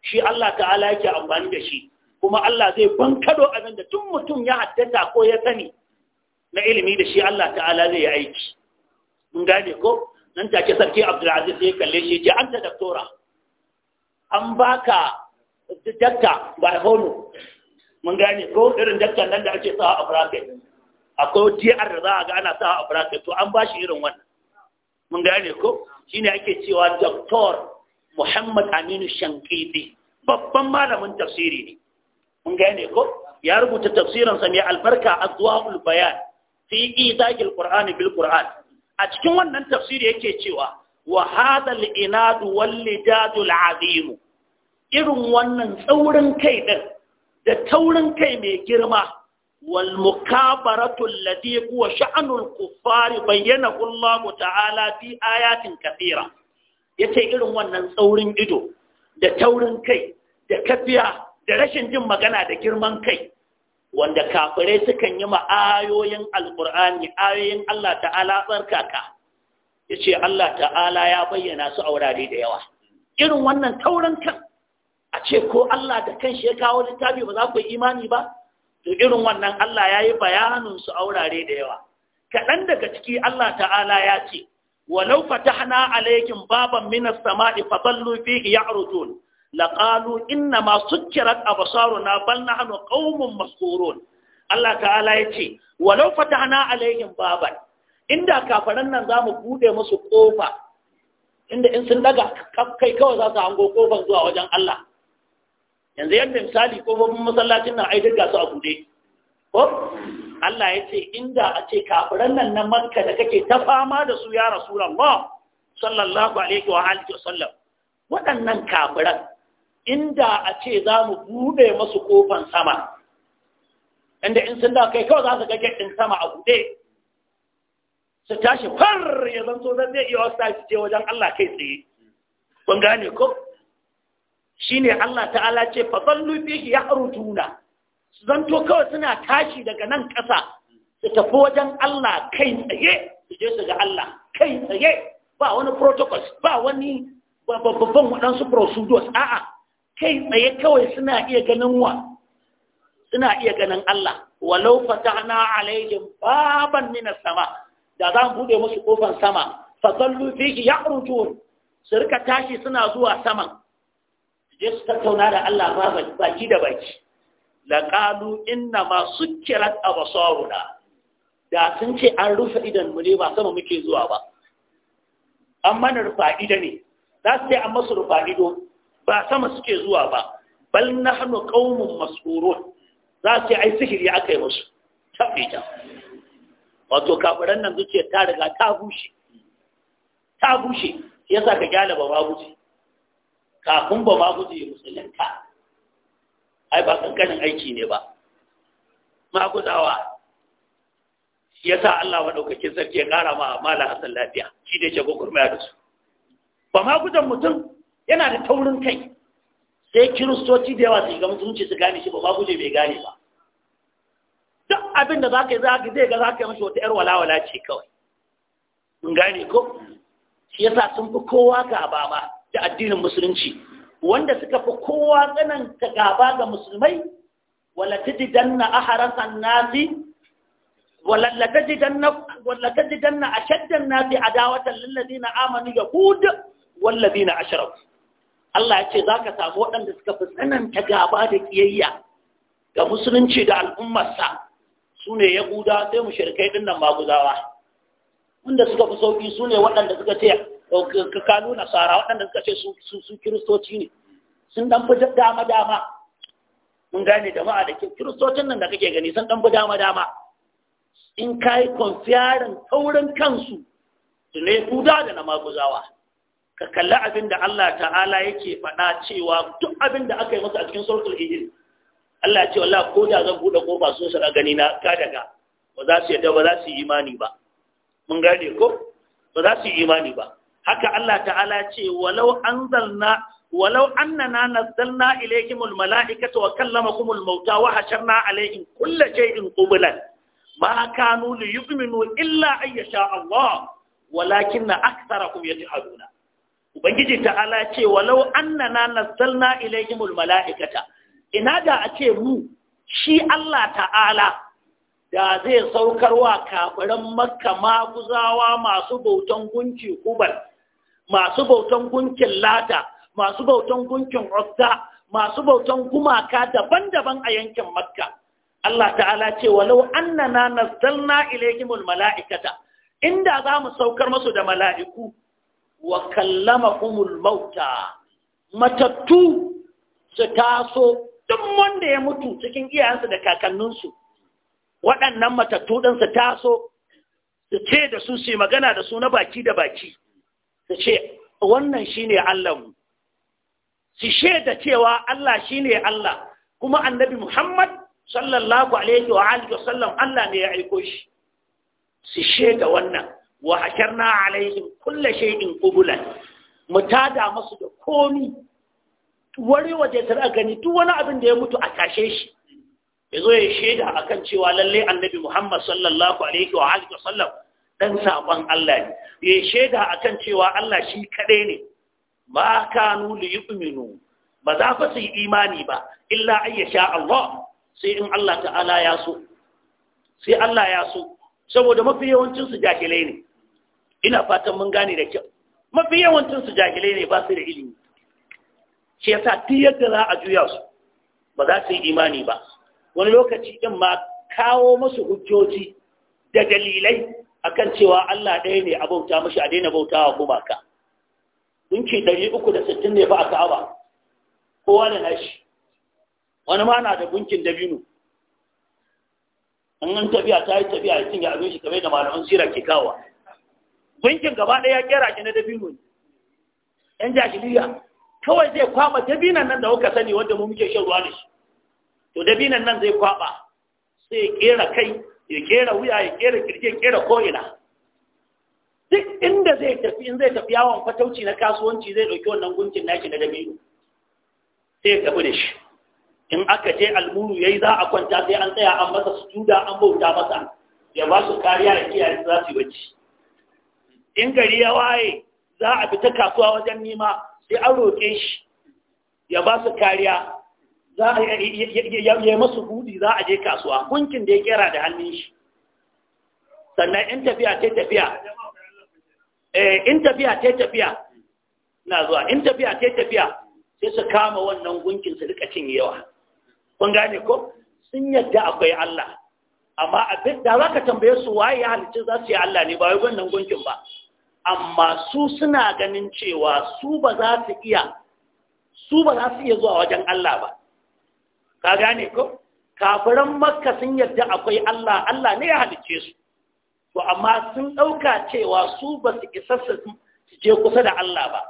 shi Allah ta'ala yake amfani da shi kuma Allah zai bankado abin da tun mutum ya haddata ko ya sani na ilimi da shi Allah ta'ala zai yi aiki mun gane ko nan take sarki Abdulaziz sai kalle shi ce anta doktora an baka dakta by hono mun gane ko irin dakta nan da ake sawa a bracket akwai DR da za a ga ana sawa a bracket to an bashi irin wannan mun gane ko shine ake cewa Dr. Muhammad Aminu Shankidi babban malamin tafsiri ne mun gane ko ya rubuta tafsirin sa mai albarka Adwaul Bayan fi idaqil Qur'ani bil Qur'an a cikin wannan tafsiri yake cewa wa hadha al inad wal azim irin wannan tsaurin kai din da taurin kai mai girma wal mukabaratu allati huwa sha'nul kuffar bayyana Allah ta'ala fi ayatin kathira yace irin wannan tsaurin ido da taurin kai da kafiya da rashin jin magana da girman kai wanda kafirai sukan yi ma'ayoyin alkur'ani ayoyin Allah ta'ala tsarkaka ya ce Allah ta'ala ya bayyana su a wurare da yawa irin wannan taurin kan a ce ko Allah da kan shi ya kawo littafi ba za ku imani ba to irin wannan Allah ya yi bayanin su a wurare da yawa kaɗan daga ciki Allah ta'ala ya ce walau fatahna alaykum baban minas sama'i fadallu fihi ya'rujun laqalu inna ma sukkirat absaruna bal nahnu qaumun maskurun Allah ta'ala ya ce walau fatahna alaykum baban inda kafaran nan zamu bude musu kofa inda in sun daga kai kawai za su hango kofar zuwa wajen Allah yanzu yadda misali kofofin masallacin nan ai gasu su a bude ko Allah ya ce inda a ce kafiran nan na makka da kake ta fama da su ya rasulullah sallallahu alaihi wa alihi wasallam waɗannan kafiran inda a ce za mu bude masu kofan sama inda in sun da kai kawai za su ga gate sama a bude su tashi far ya zanto zan zai iya wasu tashi wajen Allah kai tsaye kun gane ko Shi ne Allah ta'ala ce fa sallu fihi Zan zanto kawai suna tashi daga nan ƙasa su tafi wajen Allah kai tsaye su je su ga Allah kai tsaye ba wani protocols ba wani babban waɗansu procedures a'a kai tsaye kawai suna iya ganin wa suna iya ganin Allah walau fatahna alaihim baban min sama da za mu bude musu kofan sama fa sallu fihi ya'rujun su rika tashi suna zuwa saman je su tattauna da Allah ba baki da baki laqalu inna ma sukkirat absaruna da sun ce an rufe idan mu ne ba sama muke zuwa ba an mana rufa ido ne za su ce an masu rufa ido ba sama suke zuwa ba bal nahnu qaumun mas'urun za su ce ai sihiri aka yi musu tabbita wato kafiran nan zuciya ta riga ta bushe ta bushe yasa ka gyalaba ba bushe kafin ba ma guje musulunta ai ba kankanin aiki ne ba ma ya sa Allah Allah madaukakin sarki ya ƙara ma mala hasan lafiya shi da yake gogurmaya da su ba ma gudan mutum yana da taurin kai sai kiristoci da yawa su ga mutunci su gane shi ba ma guje bai gane ba duk abin da ka yi ka zai ga ka yi mashi wata yar walawala ce kawai mun gane ko shi sa sun fi kowa ga ababa da addinin musulunci wanda suka fi kowa tsananta gaba ga musulmai wala tajidanna aharan annasi wala tajidanna wala tajidanna ashaddan nasi adawatan lil ladina amanu yahud wal ladina ashraku Allah ya ce zaka samu waɗanda suka fi tsananta gaba da kiyayya ga musulunci da al'ummarsa su ne yahuda sai mushrikai dinnan maguzawa wanda suka fi sauki su ne waɗanda suka ce kalu nasara waɗanda suka ce su kiristoci ne sun dan fi dama dama mun gane jama'a da kiristocin nan da kake gani sun dan fi dama dama in ka yi konfiyarin taurin kansu su ne yahuda da na maguzawa ka kalli abin da Allah ta'ala yake faɗa cewa duk abin da aka yi masa a cikin suratul hijr Allah ya ce wallah ko da zan buɗe kofa sun shiga gani na ka daga ba za su yadda ba za su yi imani ba mun gane ko ba za su yi imani ba haka Allah ta'ala ce walau anzalna walau annana nazzalna ilaykumul mala'ikata wa kallamakumul mauta wa hasharna alayhim kulla shay'in qublan ma kanu liyu'minu illa an yasha Allah walakinna aktharakum yajhaluna ubangiji ta'ala ce walau annana nazzalna ilaykumul mala'ikata ina da a ce mu shi Allah ta'ala da zai saukarwa kafiran makka maguzawa masu bautan gunki kubal masu bautan gunkin lata masu bautan gunkin uzza masu bautan gumaka daban-daban a yankin makka Allah ta'ala ce walau annana nazzalna ilayhimul mala'ikata inda za mu saukar masu da mala'iku wa kallamakumul mauta matattu su taso duk wanda ya mutu cikin iyayensu da kakanninsu waɗannan matattu ɗin su taso su ce da su su magana da su na baki da baki su ce wannan ne Allahnmu su da cewa Allah shi ne Allah kuma annabi Muhammad sallallahu alaihi wa alihi wasallam Allah ne ya aiko shi su da wannan wa Alaihi kulle shi in ƙubulan, mu tada masu da komi wari waje tara gani duk wani abin da ya mutu a tashe shi yazo ya shaida akan cewa lallai annabi Muhammad sallallahu alaihi wa alihi Ɗan saƙon Allah ne ya shaida akan cewa Allah shi kaɗai ne ma kanu li yu'minu ba za fa su yi imani ba illa sha Allah sai in Allah ta'ala ya so sai Allah ya so saboda mafi yawancin su jahilai ne ina fatan mun gane da kyau mafi yawancin su jahilai ne ba su da ilimi shi yasa duk yadda za a juya su ba za su yi imani ba wani lokaci din ma kawo musu hujjoji da dalilai akan cewa Allah ɗaya ne a bauta mashi a daina bautawa gumaka dunki sittin ne ba a Ka'aba kowa da nashi wani ma na da gunkin dabino in an tafiya ta yi tafiya ya cinye abin shi kamar da malaman sira ke kawa gunkin gaba ɗaya ya kera shi na dabino ne yan jahiliya kawai zai kwaba dabinan nan da kuka sani wanda mu muke shan ruwa da shi to dabinan nan zai kwaba sai ya kera kai ya kera wuya ya kera kirje kera ko'ina duk inda zai tafi in zai tafi yawon fatauci na kasuwanci zai ɗauki wannan guntun nashi na dabino sai ya tafi da shi in aka je almuru yi za a kwanta sai an tsaya an masa sujuda an bauta masa ya ba su kariya da kiyaye za su yi bacci in gari ya waye za a fita kasuwa wajen nima sai an roƙe shi ya ba su kariya za a yi masu hudi za a je kasuwa gunkin da ya kera da hannun shi sannan in tafiya ta tafiya eh, in tafiya ta tafiya na zuwa in tafiya ta tafiya sai su kama wannan gunkin su rika yawa. kun gane ko sun yadda akwai Allah amma abin da za ka tambaye su waye ya halicci za su yi Allah ne ba wai wannan gunkin ba amma su suna ganin cewa su ba za su iya su ba za su iya zuwa wajen Allah ba ka gane ko kafiran makka sun yarda akwai Allah Allah ne ya halicce su to amma sun ɗauka cewa su ba su isa su je kusa da Allah ba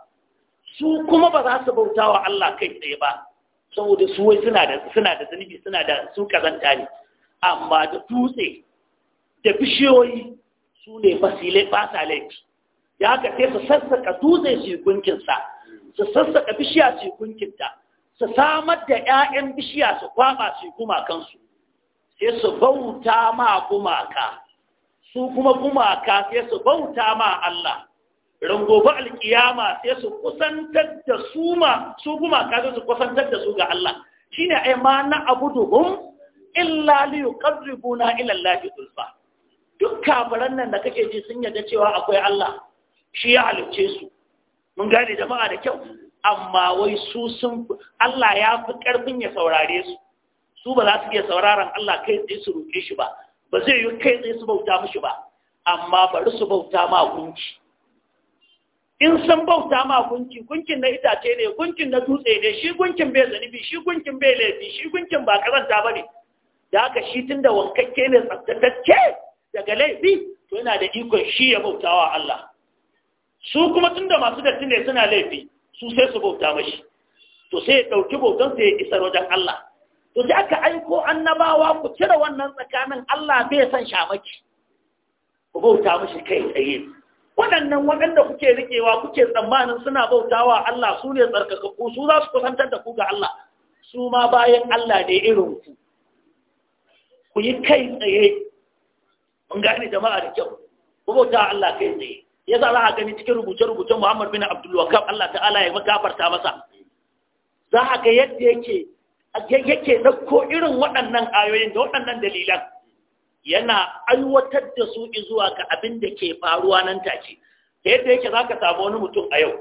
su kuma ba za su bauta wa Allah kai tsaye ba saboda su wai suna da suna da zunubi suna da su kazanta ne amma da dutse da bishiyoyi su ne fasilai ba sa laifi ya haka sai su sassaka dutse su yi gunkinsa su sassaka bishiya su yi gunkinta su samar da ‘ya'yan bishiya su kwaɓa su gumakansu, sai su bauta ma gumaka, su kuma gumaka sai su bauta ma Allah, rangobar alƙiyama sai su kusantar da su ma, su gumaka sai su kusantar da su ga Allah, shi ne yi ma na abu duhun illa liyu ƙarribuna ilallahi ulfa. Duk kafiran nan da kake ji sun yarda cewa akwai Allah, shi ya halicce su, mun gane jama'a da kyau. amma wai su sun Allah ya fi ƙarfin ya saurare su su ba za su iya sauraron Allah kai tsaye su roƙe shi ba ba zai yi kai tsaye su bauta mishi ba amma bari su bauta ma gunki in sun bauta ma gunki gunkin na itace ne gunkin na dutse ne shi gunkin bai zanibi shi gunkin bai laifi shi gunkin ba karanta ba ne da haka shi tun da wankakke ne tsaftatacce daga laifi to yana da ikon shi ya bautawa Allah su kuma tun da masu datti ne suna laifi su sai su bauta mashi to sai ya ɗauki bautan sai ya isar wajen Allah to sai aka aiko annabawa ku cire wannan tsakanin Allah bai san shamaki ku bauta mashi kai tsaye waɗannan waɗanda kuke riƙewa kuke tsammanin suna bautawa Allah su ne tsarkakakku su za su kusantar da ku ga Allah su ma bayan Allah ne irin ku ku yi kai tsaye mun gane jama'a da kyau ku bauta Allah kai tsaye ya za a gani cikin rubuce-rubucen Muhammad bin Abdul Wakab Allah ta'ala ya gafarta masa za a ga yadda yake yake ko irin waɗannan ayoyin da waɗannan dalilan yana aiwatar da su izuwa ga abin da ke faruwa nan take da yadda yake za ka samu wani mutum a yau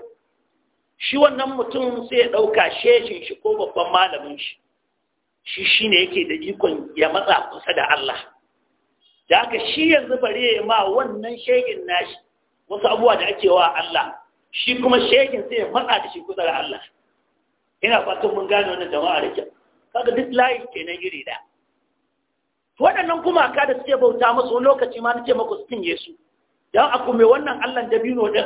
shi wannan mutum sai ya ɗauka sheshin shi ko babban malamin shi shi shi ne yake da ikon ya matsa kusa da Allah da aka shi yanzu bare ma wannan shegin nashi wasu abubuwa da ake wa Allah shi kuma shekin sai ya matsa da shi kusa da Allah ina fatan mun gane wannan jama'a da kyau kaga duk layi kenan iri da waɗannan ka da suke bauta musu wani lokaci ma nake maku sun yesu dan aku mai wannan Allah dabino da?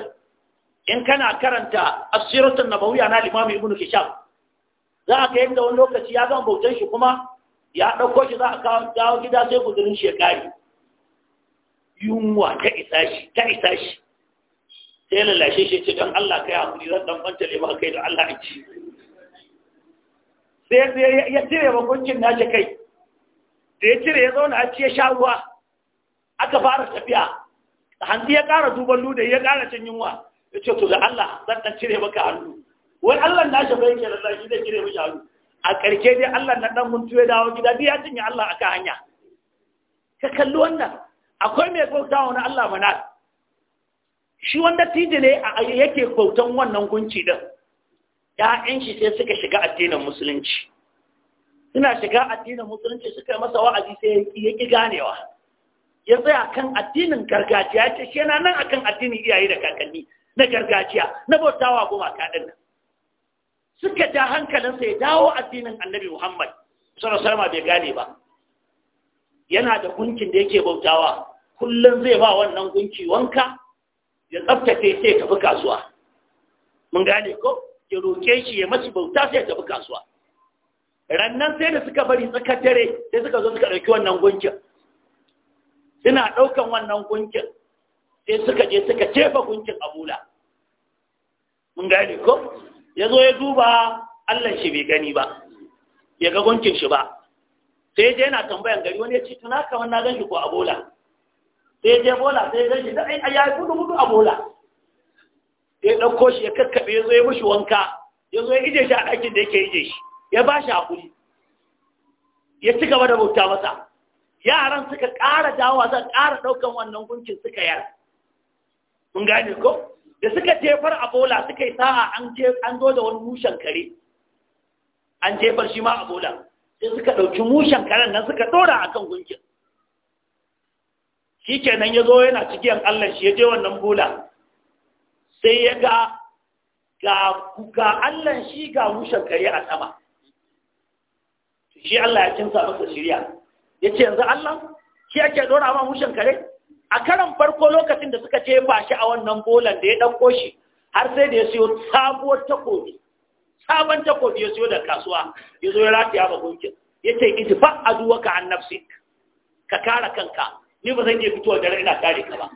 in kana karanta asiratun nabawiyya na Imam Ibn kishab za ka yanda wani lokaci ya gama bautan shi kuma ya dauko shi za a kawo dawo gida sai guzurin shekari yunwa ta isa shi ta isa shi sai lalashe shi ce don Allah kai kuri zan damfanta kwanta lema kai da Allah a ci sai sai ya cire na ce kai da ya cire ya zauna a ciye sha ruwa aka fara tafiya hanzu ya ƙara duban lude ya ƙara cin yunwa ya ce to da Allah zan dan cire maka hannu wani Allah na shi bai ke lallashi zai cire maka hannu a ƙarshe dai Allah na ɗan mun tuwe dawo gida biya ya cinye Allah a ka hanya ka kalli wannan akwai mai bauta wani Allah manar shi wanda tije ne yake bautan wannan gunci din ‘ya'yan shi sai suka shiga addinin musulunci suna shiga addinin musulunci suka masa wa'azi sai ya ƙi ganewa ya tsaya kan addinin gargajiya ce shi yana nan akan addinin iyaye da kakanni na gargajiya na bautawa goma ɗin suka ja hankalinsa ya dawo addinin annabi muhammad sarasarma bai gane ba yana da gunkin da yake bautawa kullum zai ba wannan gunki wanka ya tsaftace sai tafi kasuwa mun gane ko ya roke shi ya mashi bauta sai tafi kasuwa rannan sai da suka bari tsakar dare sai suka zo suka ɗauki wannan gunkin suna ɗaukan wannan gunkin sai suka je suka jefa gunkin a bula mun gane ko ya zo ya duba allah shi bai gani ba ya ga gunkin shi ba sai ya je yana tambayan gari wani ya ce tuna kamar na gan shi ko a bola sai je bola sai gan shi da ya gudu gudu a bola ya ɗauko shi ya kakkaɓe ya zo ya mushi wanka ya zo ya ije shi a ɗakin da yake ije shi ya ba shi haƙuri ya ci gaba da bauta masa yaran suka ƙara dawa suka ƙara ɗaukan wannan gunkin suka yar mun gane ko da suka jefar a bola suka yi sa'a an zo da wani mushen kare an jefar shi ma a bola sai suka ɗauki mushen karen nan suka ɗora akan kan gunkin shikenan ya zo yana cikin Allah shi ya je wannan bula sai ya ga ga Allah shi ga mushen kare a sama shi Allah ya kinsa masa shirya ya ce yanzu Allah shi ake dora ma mushen kare a karan farko lokacin da suka ce ba shi a wannan bolan da ya ɗauko shi har sai da ya siyo sabuwar takobi sabon takobi ya siyo da kasuwa ya zo ya rataya ma gunkin ya ce ka kare kanka ni ba zan iya fitowa da ina tare ka ba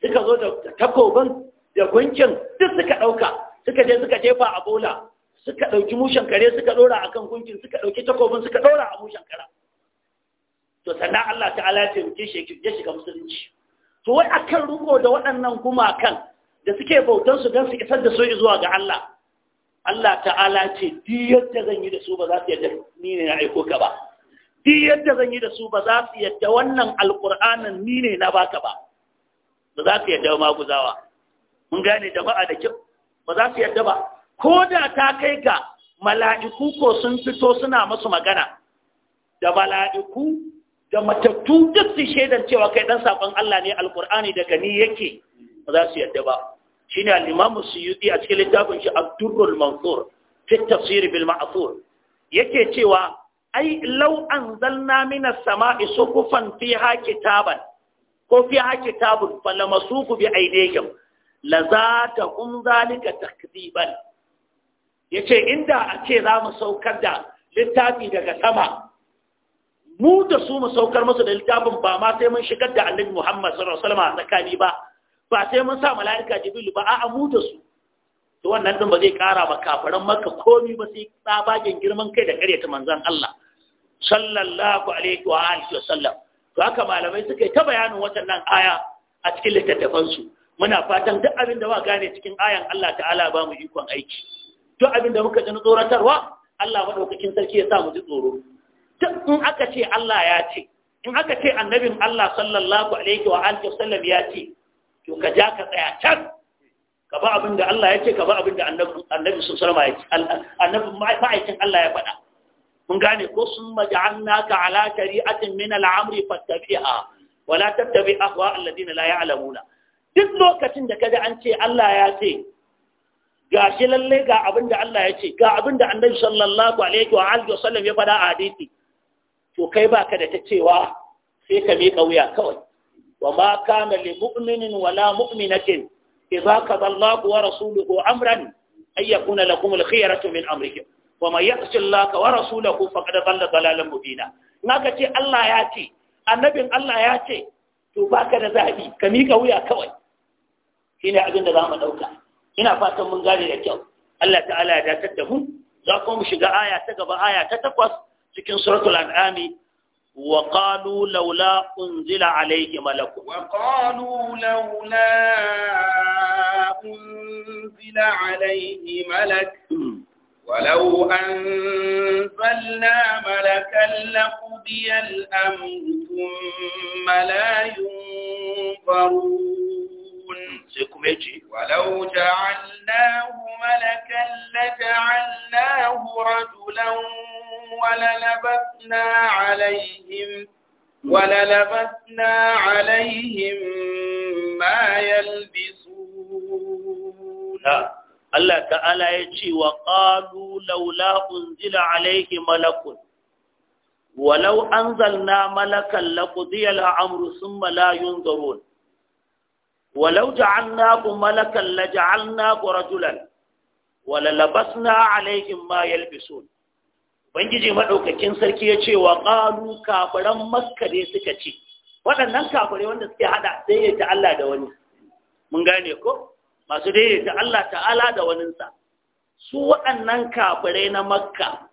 suka zo da takoban da gunkin duk suka ɗauka suka je suka jefa a bola suka ɗauki mushen kare suka ɗora a kan gunkin suka ɗauki takobin suka ɗora a mushen kara to sannan Allah ta'ala ya taimake shi je shiga musulunci to wai akan ruko da waɗannan gumakan da suke bautan su don su isar da soji zuwa ga Allah Allah ta'ala ce duk yadda zan yi da su ba za su yadda ni ne na aiko ka ba duk yadda zan yi da su ba za su yadda wannan alƙur'anin ni ne na baka ba ba za su yadda maguzawa mun gane jama'a da kyau ba za su yadda ba ko da ta kai ga mala'iku ko sun fito suna musu magana da mala'iku da matattu duk su shaidan cewa kai dan sabon Allah ne alƙur'ani daga ni yake ba za su yadda ba shine al-Imam Suyuti a cikin littafin shi Abdurrul Mansur fi tafsir bil ma'thur yake cewa ai law anzalna minas sama'i suhufan fiha kitaban ko fiha kitabun falamasuku bi ta kun zalika takdiban yace inda a ce za mu saukar da littafi daga sama mu da su mu saukar musu da littafin ba ma sai mun shigar da annabi Muhammad sallallahu alaihi wasallam tsakani ba ba sai mun sa mala'ika jibril ba a'a mu da su to wannan din ba zai kara ba kafaran maka komi ba sai tsabagen girman kai da karyata manzon Allah sallallahu alaihi wa alihi wa sallam to haka malamai suka yi ta bayanin waɗannan aya a cikin littattafansu muna fatan duk abin da ba gane cikin ayan Allah ta'ala ba mu ikon aiki duk abin da muka ji na tsoratarwa Allah madaukakin sarki ya sa mu ji tsoro duk in aka ce Allah ya ce in aka ce annabin Allah sallallahu alaihi wa alihi wasallam ya ce to ka ja ka tsaya can ka ba abin da Allah ya ce ka ba abin da annabi sallallahu alaihi wa alihi annabi ma'aikin Allah ya faɗa mun gane ko sun maja'annaka ala shari'atin min al'amri fattabi'a wala tattabi ahwa alladina la ya'lamuna duk lokacin da kaji an ce Allah ya ce gashi lalle ga abin da Allah ya ce ga abin da Annabi sallallahu alaihi wa alihi wasallam ya faɗa a hadisi to kai baka da ta cewa sai ka miƙa wuya kawai wa ma kana li mu'minin wala mu'minatin idza qada Allahu wa rasuluhu amran ayyakuna yakuna lakum al-khiyaratu min amrikum wa mai yakhshi Allah wa rasulahu faqad dhalla dhalalan mubina in aka ce Allah ya ce annabin Allah ya ce to ka da zabi ka mika wuya kawai shine abin da zamu ɗauka. ina fatan mun gane da kyau Allah ta'ala ya dace da mu za ku mu shiga aya ta gaba aya ta takwas cikin suratul an'ami وقالوا لولا أنزل عليه ملك وقالوا laula unzila عليه ملك ولو أنزلنا ملكا لقضي الأمر ثم لا ينظرون ولو جعلناه ملكا لجعلناه رجلا وللبسنا عليهم وللبسنا عليهم ما يلبسون Allah ta'ala ya ce wa ƙalu laula unzila alaihi malakun walau anzalna malakan laqudiya al'amru thumma la yunzarun walau ja'alnahu malakan laja'alnahu rajulan wala labasna alaihim ma yalbisun Bangiji, madaukakin sarki ya ce wa ƙalu kafiran makka ne suka ce waɗannan kafirai wanda suke hada sai ya ta Allah da wani mun gane ko masu daidaita Allah ta'ala da waninsa su waɗannan kafirai na makka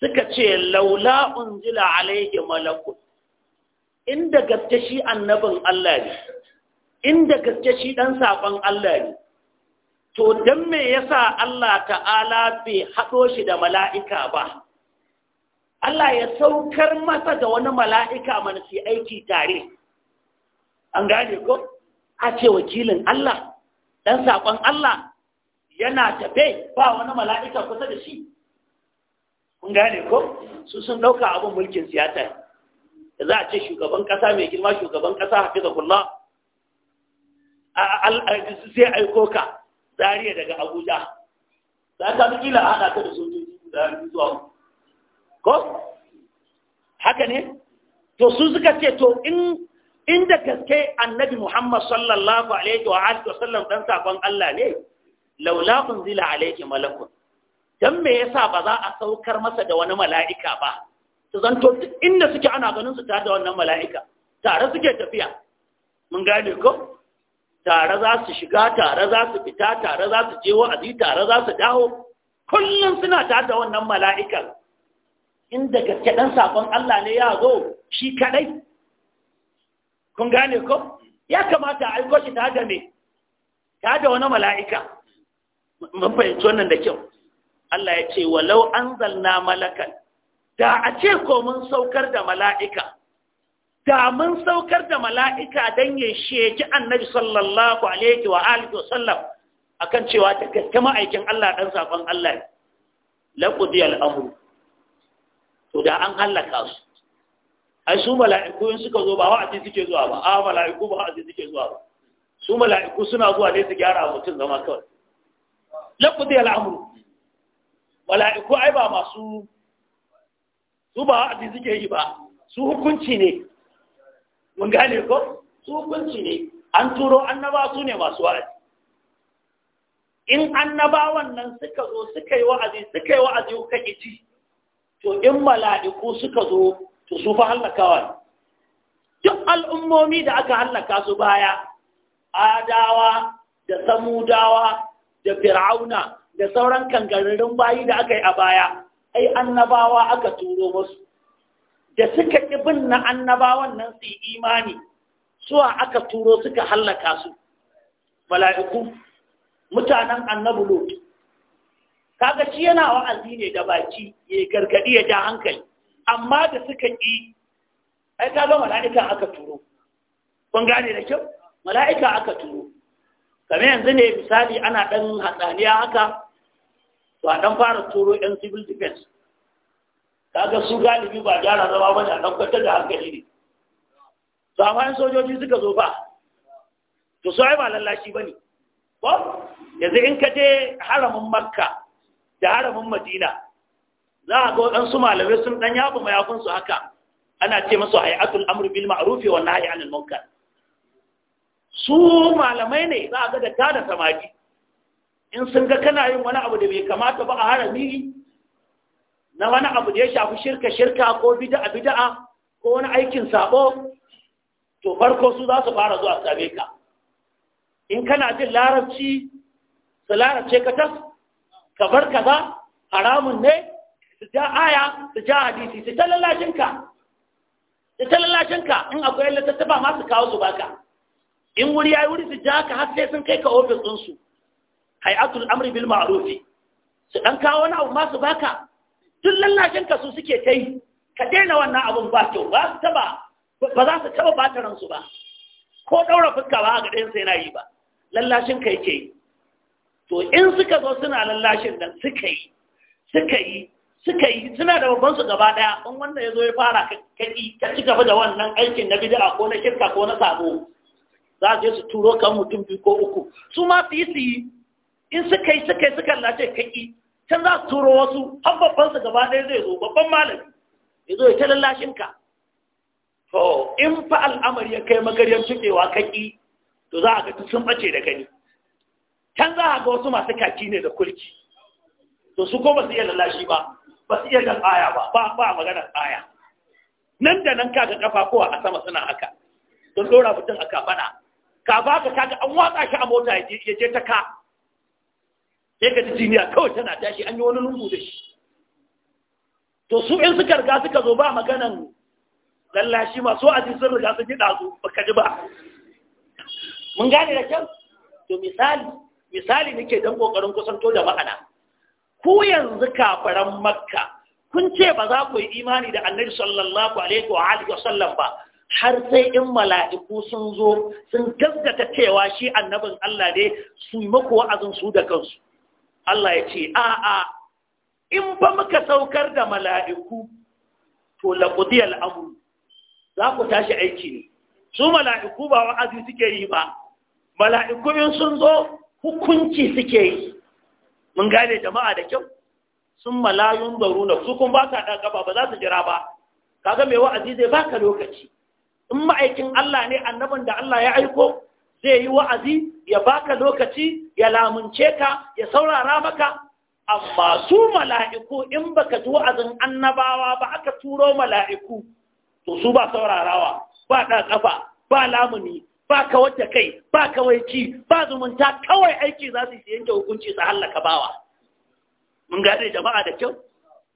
suka ce laula unzila alaihi malaku inda gaske shi annabin Allah ne inda gaske shi dan saban Allah ne to dan me yasa Allah ta'ala bai haɗo shi da mala'ika ba Allah ya saukar masa da wani mala'ika mana su aiki tare an gane ko a ce wakilin Allah ɗan saƙon Allah yana tafe ba wani mala'ika kusa da shi kun gane ko su sun ɗauka abin mulkin siyasa da za a ce shugaban ƙasa mai girma shugaban ƙasa hafi da kula sai aiko ka zariya daga abuja za ta ƙila a haɗa ta da sojoji da zuwa ko haka ne to su suka ce to in inda gaske annabi Muhammad sallallahu alaihi wa alihi wasallam dan sabon Allah ne laula unzila alayhi malakun dan me yasa ba za a saukar masa da wani mala'ika ba su zanto duk inda suke ana ganin su tare da wannan mala'ika tare suke tafiya mun gane ko tare za su shiga tare za su fita tare za su je wa'azi tare za su dawo kullum suna tare da wannan mala'ikan inda gaske dan sakon Allah ne ya zo shi kadai kun gane ko ya kamata a aiko shi ta game, me ta da wani mala'ika mun fahimci wannan da kyau Allah ya ce walau anzalna malakan da a ce ko mun saukar da mala'ika da mun saukar da mala'ika don ya sheki annabi sallallahu alaihi wa alihi wa sallam akan cewa ta gaske ma'aikin Allah ɗan saƙon Allah ne laƙudiyar amur to da an hallaka su ai su mala'iku in suka zo ba wa'azi suke zuwa ba a mala'iku ba wa'azi suke zuwa ba su mala'iku suna zuwa ne su gyara mutum zama kawai lakuti al'amuru mala'iku ai ba masu su ba wa'azi suke yi ba su hukunci ne mun gane ko su hukunci ne an turo annaba su ne masu wa'azi in annabawan nan suka zo suka yi wa'azi suka yi wa'azi kuka ji to in mala'iku suka zo to su fa hallakawa duk al'ummomi da aka hallaka su baya adawa da samudawa da fir'auna da sauran kangararrun bayi da aka yi a baya ai annabawa aka turo musu da suka ƙi bin na annabawan nan su yi imani suwa aka turo suka hallaka su mala'iku mutanen annabu lot kaga shi yana wa'azi ne da baki ya gargadi ya ja hankali amma da suka yi ai ka ga mala'ika aka turo kun gane da kyau mala'ika aka turo kamar yanzu ne misali ana ɗan hatsaniya haka to a ɗan fara turo yan civil defense kaga su galibi ba gyara zama ba a ɗan da hankali ne to amma yan sojoji suka zo ba to su ai ba lallashi ba ko yanzu in ka je haramin makka da haramin madina za a ga waɗansu malamai sun ɗan yaɓa mayafinsu haka ana ce masu hay'atul amru bil ma'ruf wa nahyi anil munkar su malamai ne za a ga da tada samaki in sun ga kana yin wani abu da bai kamata ba a harami na wani abu da ya shafi shirka shirka ko bid'a bid'a ko wani aikin sabo to farko su za su fara zuwa same ka in kana jin larabci su larabce ka tas ka bar kaza haramun ne su ja aya su ja hadisi su ta lallashinka su ta lallashinka in akwai littattafa ma su kawo su baka in wuri ya yi wuri su ja ka har sai sun kai ka ofis ɗinsu hayatul amri bil ma'rufi su dan kawo wani abu ma su baka tun lallashinka su suke kai ka daina wannan abun ba kyau ba su taba ba za su taba bata ransu ba ko ɗaura fuska ba ga ɗayan sai na yi ba lallashin ka yake yi to in suka zo suna lallashin nan suka yi suka yi suka yi suna da babban su gaba daya in wanda ya zo ya fara kaki ka ci gaba da wannan aikin na bid'a ko na shirka ko na sabo za su je su turo kan mutum biyu ko uku su ma su yi su yi in suka yi suka yi suka lace kaki can za su turo wasu har babban su gaba daya zai zo babban malami ya zo ya ta lallashin ka to in fa al'amari ya kai magaryan cikewa kaki to za a ga sun bace da gani can za a ga wasu masu kaki ne da kulki to su ko ba su iya lallashi ba ba su iya gan aya ba ba ba magana aya nan da nan kaga kafa kowa a sama suna haka don dora mutum a kafada ka ba ka kaga an watsa shi a mota ya je ta ka sai ka ji jiniya kawai tana tashi an yi wani lungu da shi to su in suka riga suka zo ba maganan lallashi a aji sun riga sun ji dazu ba ka ji ba mun gane da kyau to misali misali nake dan kokarin kusanto da ma'ana ku yanzu kafaran makka kun ce ba za ku yi imani da annabi sallallahu alaihi wa alihi wasallam ba har sai in mala'iku sun zo sun gaskata cewa shi annabin Allah ne su maku wa'azin su da kansu Allah ya ce a'a in ba muka saukar da mala'iku to laqudiyal amr za ku tashi aiki ne su mala'iku ba wa'azi suke yi ba mala'iku in sun zo hukunci suke yi mun gane jama'a da kyau sun malayun baruna su kun ba ka ɗaga ba za su jira ba kaga mai wa'azi zai baka lokaci in ma'aikin Allah ne annabin da Allah ya aiko zai yi wa'azi ya baka lokaci ya lamunce ka ya saurara maka amma su mala'iku in baka ji wa'azin annabawa ba aka turo mala'iku to su ba saurarawa ba ɗan ƙafa ba lamuni ba ka kai ba kawaici ba zumunta kawai aiki za su yanke hukunci su hallaka bawa mun gane jama'a da kyau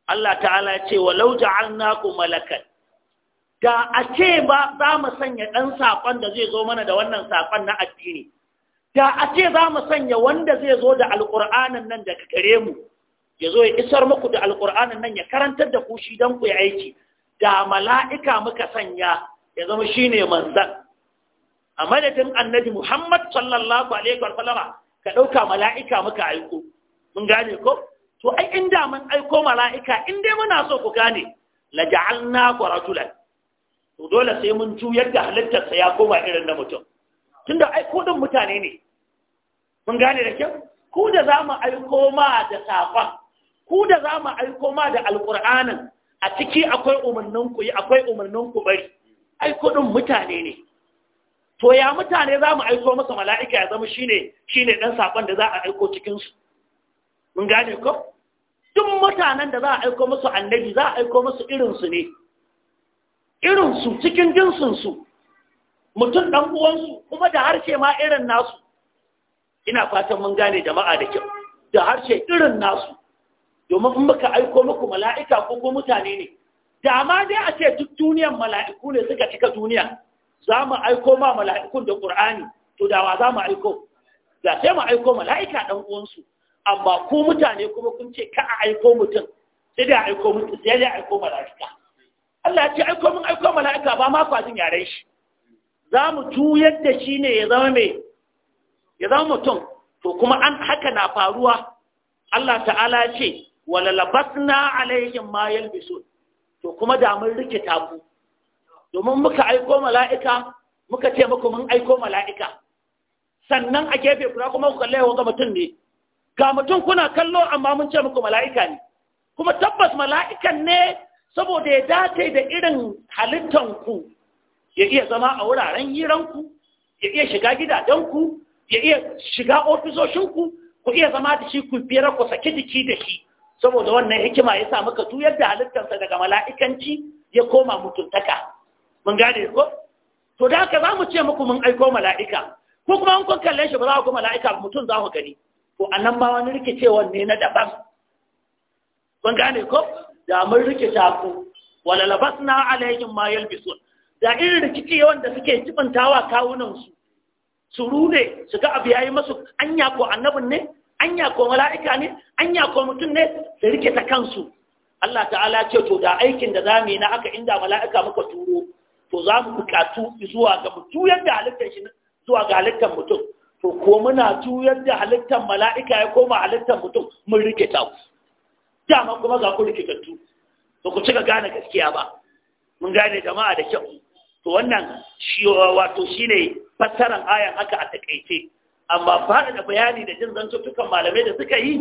Allah ta'ala ya ce walau ja'alnakum malakan da a ce ba za mu sanya ɗan sakon da zai zo mana da wannan sakon na addini da a ce za mu sanya wanda zai zo da alƙur'anin nan daga gare mu ya zo ya isar muku da alƙur'anin nan ya karantar da ku shi dan ku ya aiki da mala'ika muka sanya ya zama shine manzan a madadin annabi Muhammad sallallahu alaihi wa sallama ka ɗauka mala'ika muka aiko mun gane ko to ai inda mun aiko mala'ika in dai muna so ku gane la ja'alna quratulan to dole sai mun juyar da halittar sa ya koma irin na mutum tunda ai ko din mutane ne mun gane da kyau ku da zamu aiko ma da safan ku da zamu aiko ma da alqur'anin a ciki akwai umarnin ku yi akwai umarnin ku bari ai ko din mutane ne to ya mutane za mu aiko masa mala'ika ya zama shine shine dan sakon da za a aiko cikin su mun gane ko duk mutanen da za a aiko musu annabi za a aiko musu irin su ne irin su cikin jinsin su mutum dan uwan su kuma da harshe ma irin nasu ina fatan mun gane jama'a da kyau da harshe irin nasu domin in muka aiko muku mala'ika ko mutane ne da dai a ce duk duniyan mala'iku ne suka cika duniya za mu aiko ma mala'ikun da ƙur'ani to da wa za mu aiko da sai mu aiko mala'ika ɗan uwansu amma ku mutane kuma kun ce ka a aiko mutum sai dai aiko mutum sai dai aiko mala'ika Allah ya ce aiko mun aiko mala'ika ba ma kwazin yaren shi za mu juyar da shi ne ya zama mai ya zama mutum to kuma an haka na faruwa Allah ta'ala ce wala labasna alaihim ma yalbisun to kuma da mun rike taku. domin muka aiko mala'ika muka ce muku mun aiko mala'ika sannan a gefe kuna kuma ku kalle ga mutum ne ga mutum kuna kallo amma mun ce muku mala'ika ne kuma tabbas mala'ikan ne saboda ya dace da irin halittanku ya iya zama a wuraren hiranku ya iya shiga gidajenku ya iya shiga ofisoshinku ku iya zama da shi ku fiye ku saki jiki da shi saboda wannan hikima ya sa muka tuyar da halittarsa daga mala'ikanci ya koma mutuntaka mun gane ko to da haka za mu ce muku mun aiko mala'ika ko kuma an kun kalle shi ba za ku mala'ika mutum za ku gani to annan ma wani rikicewan ne na daban mun gane ko da mun rikita ku wala labasna alaihim ma yalbisun da irin yawan da suke jibantawa kawunan su su rune su ga abu yayi masu anya ko annabin ne anya ko mala'ika ne anya ko mutum ne da rikita kansu Allah ta'ala ce to da aikin da zamu yi na aka inda mala'ika muka turo to za mu bukatu zuwa ga mutu yadda halittar shi zuwa ga halittar mutum to ko muna juyar da halittar mala'ika ya koma halittar mutum mun rikita ku dama kuma ga ku rikitattu to ku cika gane gaskiya ba mun gane jama'a da kyau to wannan shi wato shine fassaran ayan haka a takaice amma fara da bayani da jin zantuttukan malamai da suka yi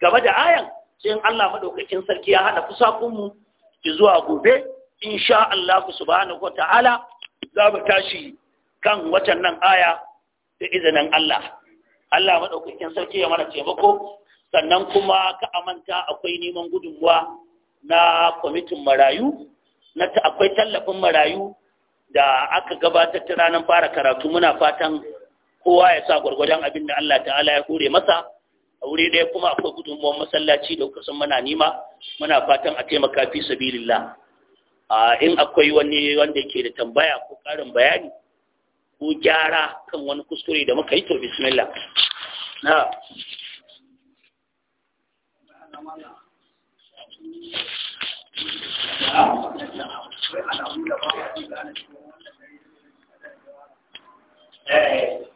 game da ayan sai in Allah maɗaukakin sarki ya hada kusa kunmu zuwa gobe sha Allah subhanahu ta'ala za mu tashi kan watan nan aya da izinin Allah Allah madaukakin sarki ya mana taimako sannan kuma ka amanta akwai neman gudunmuwa na kwamitin marayu na ta akwai tallafin marayu da aka gabatar ta ranar fara karatu muna fatan kowa ya sa gwargwadon abin da Allah ta'ala ya kore masa a wuri ɗaya kuma akwai gudunmuwan masallaci da kusan muna nima muna fatan a taimaka fi sabilillah in akwai wani wanda ke da tambaya ko ƙarin bayani ko gyara kan wani kuskure da muka yi to bismillah na eh,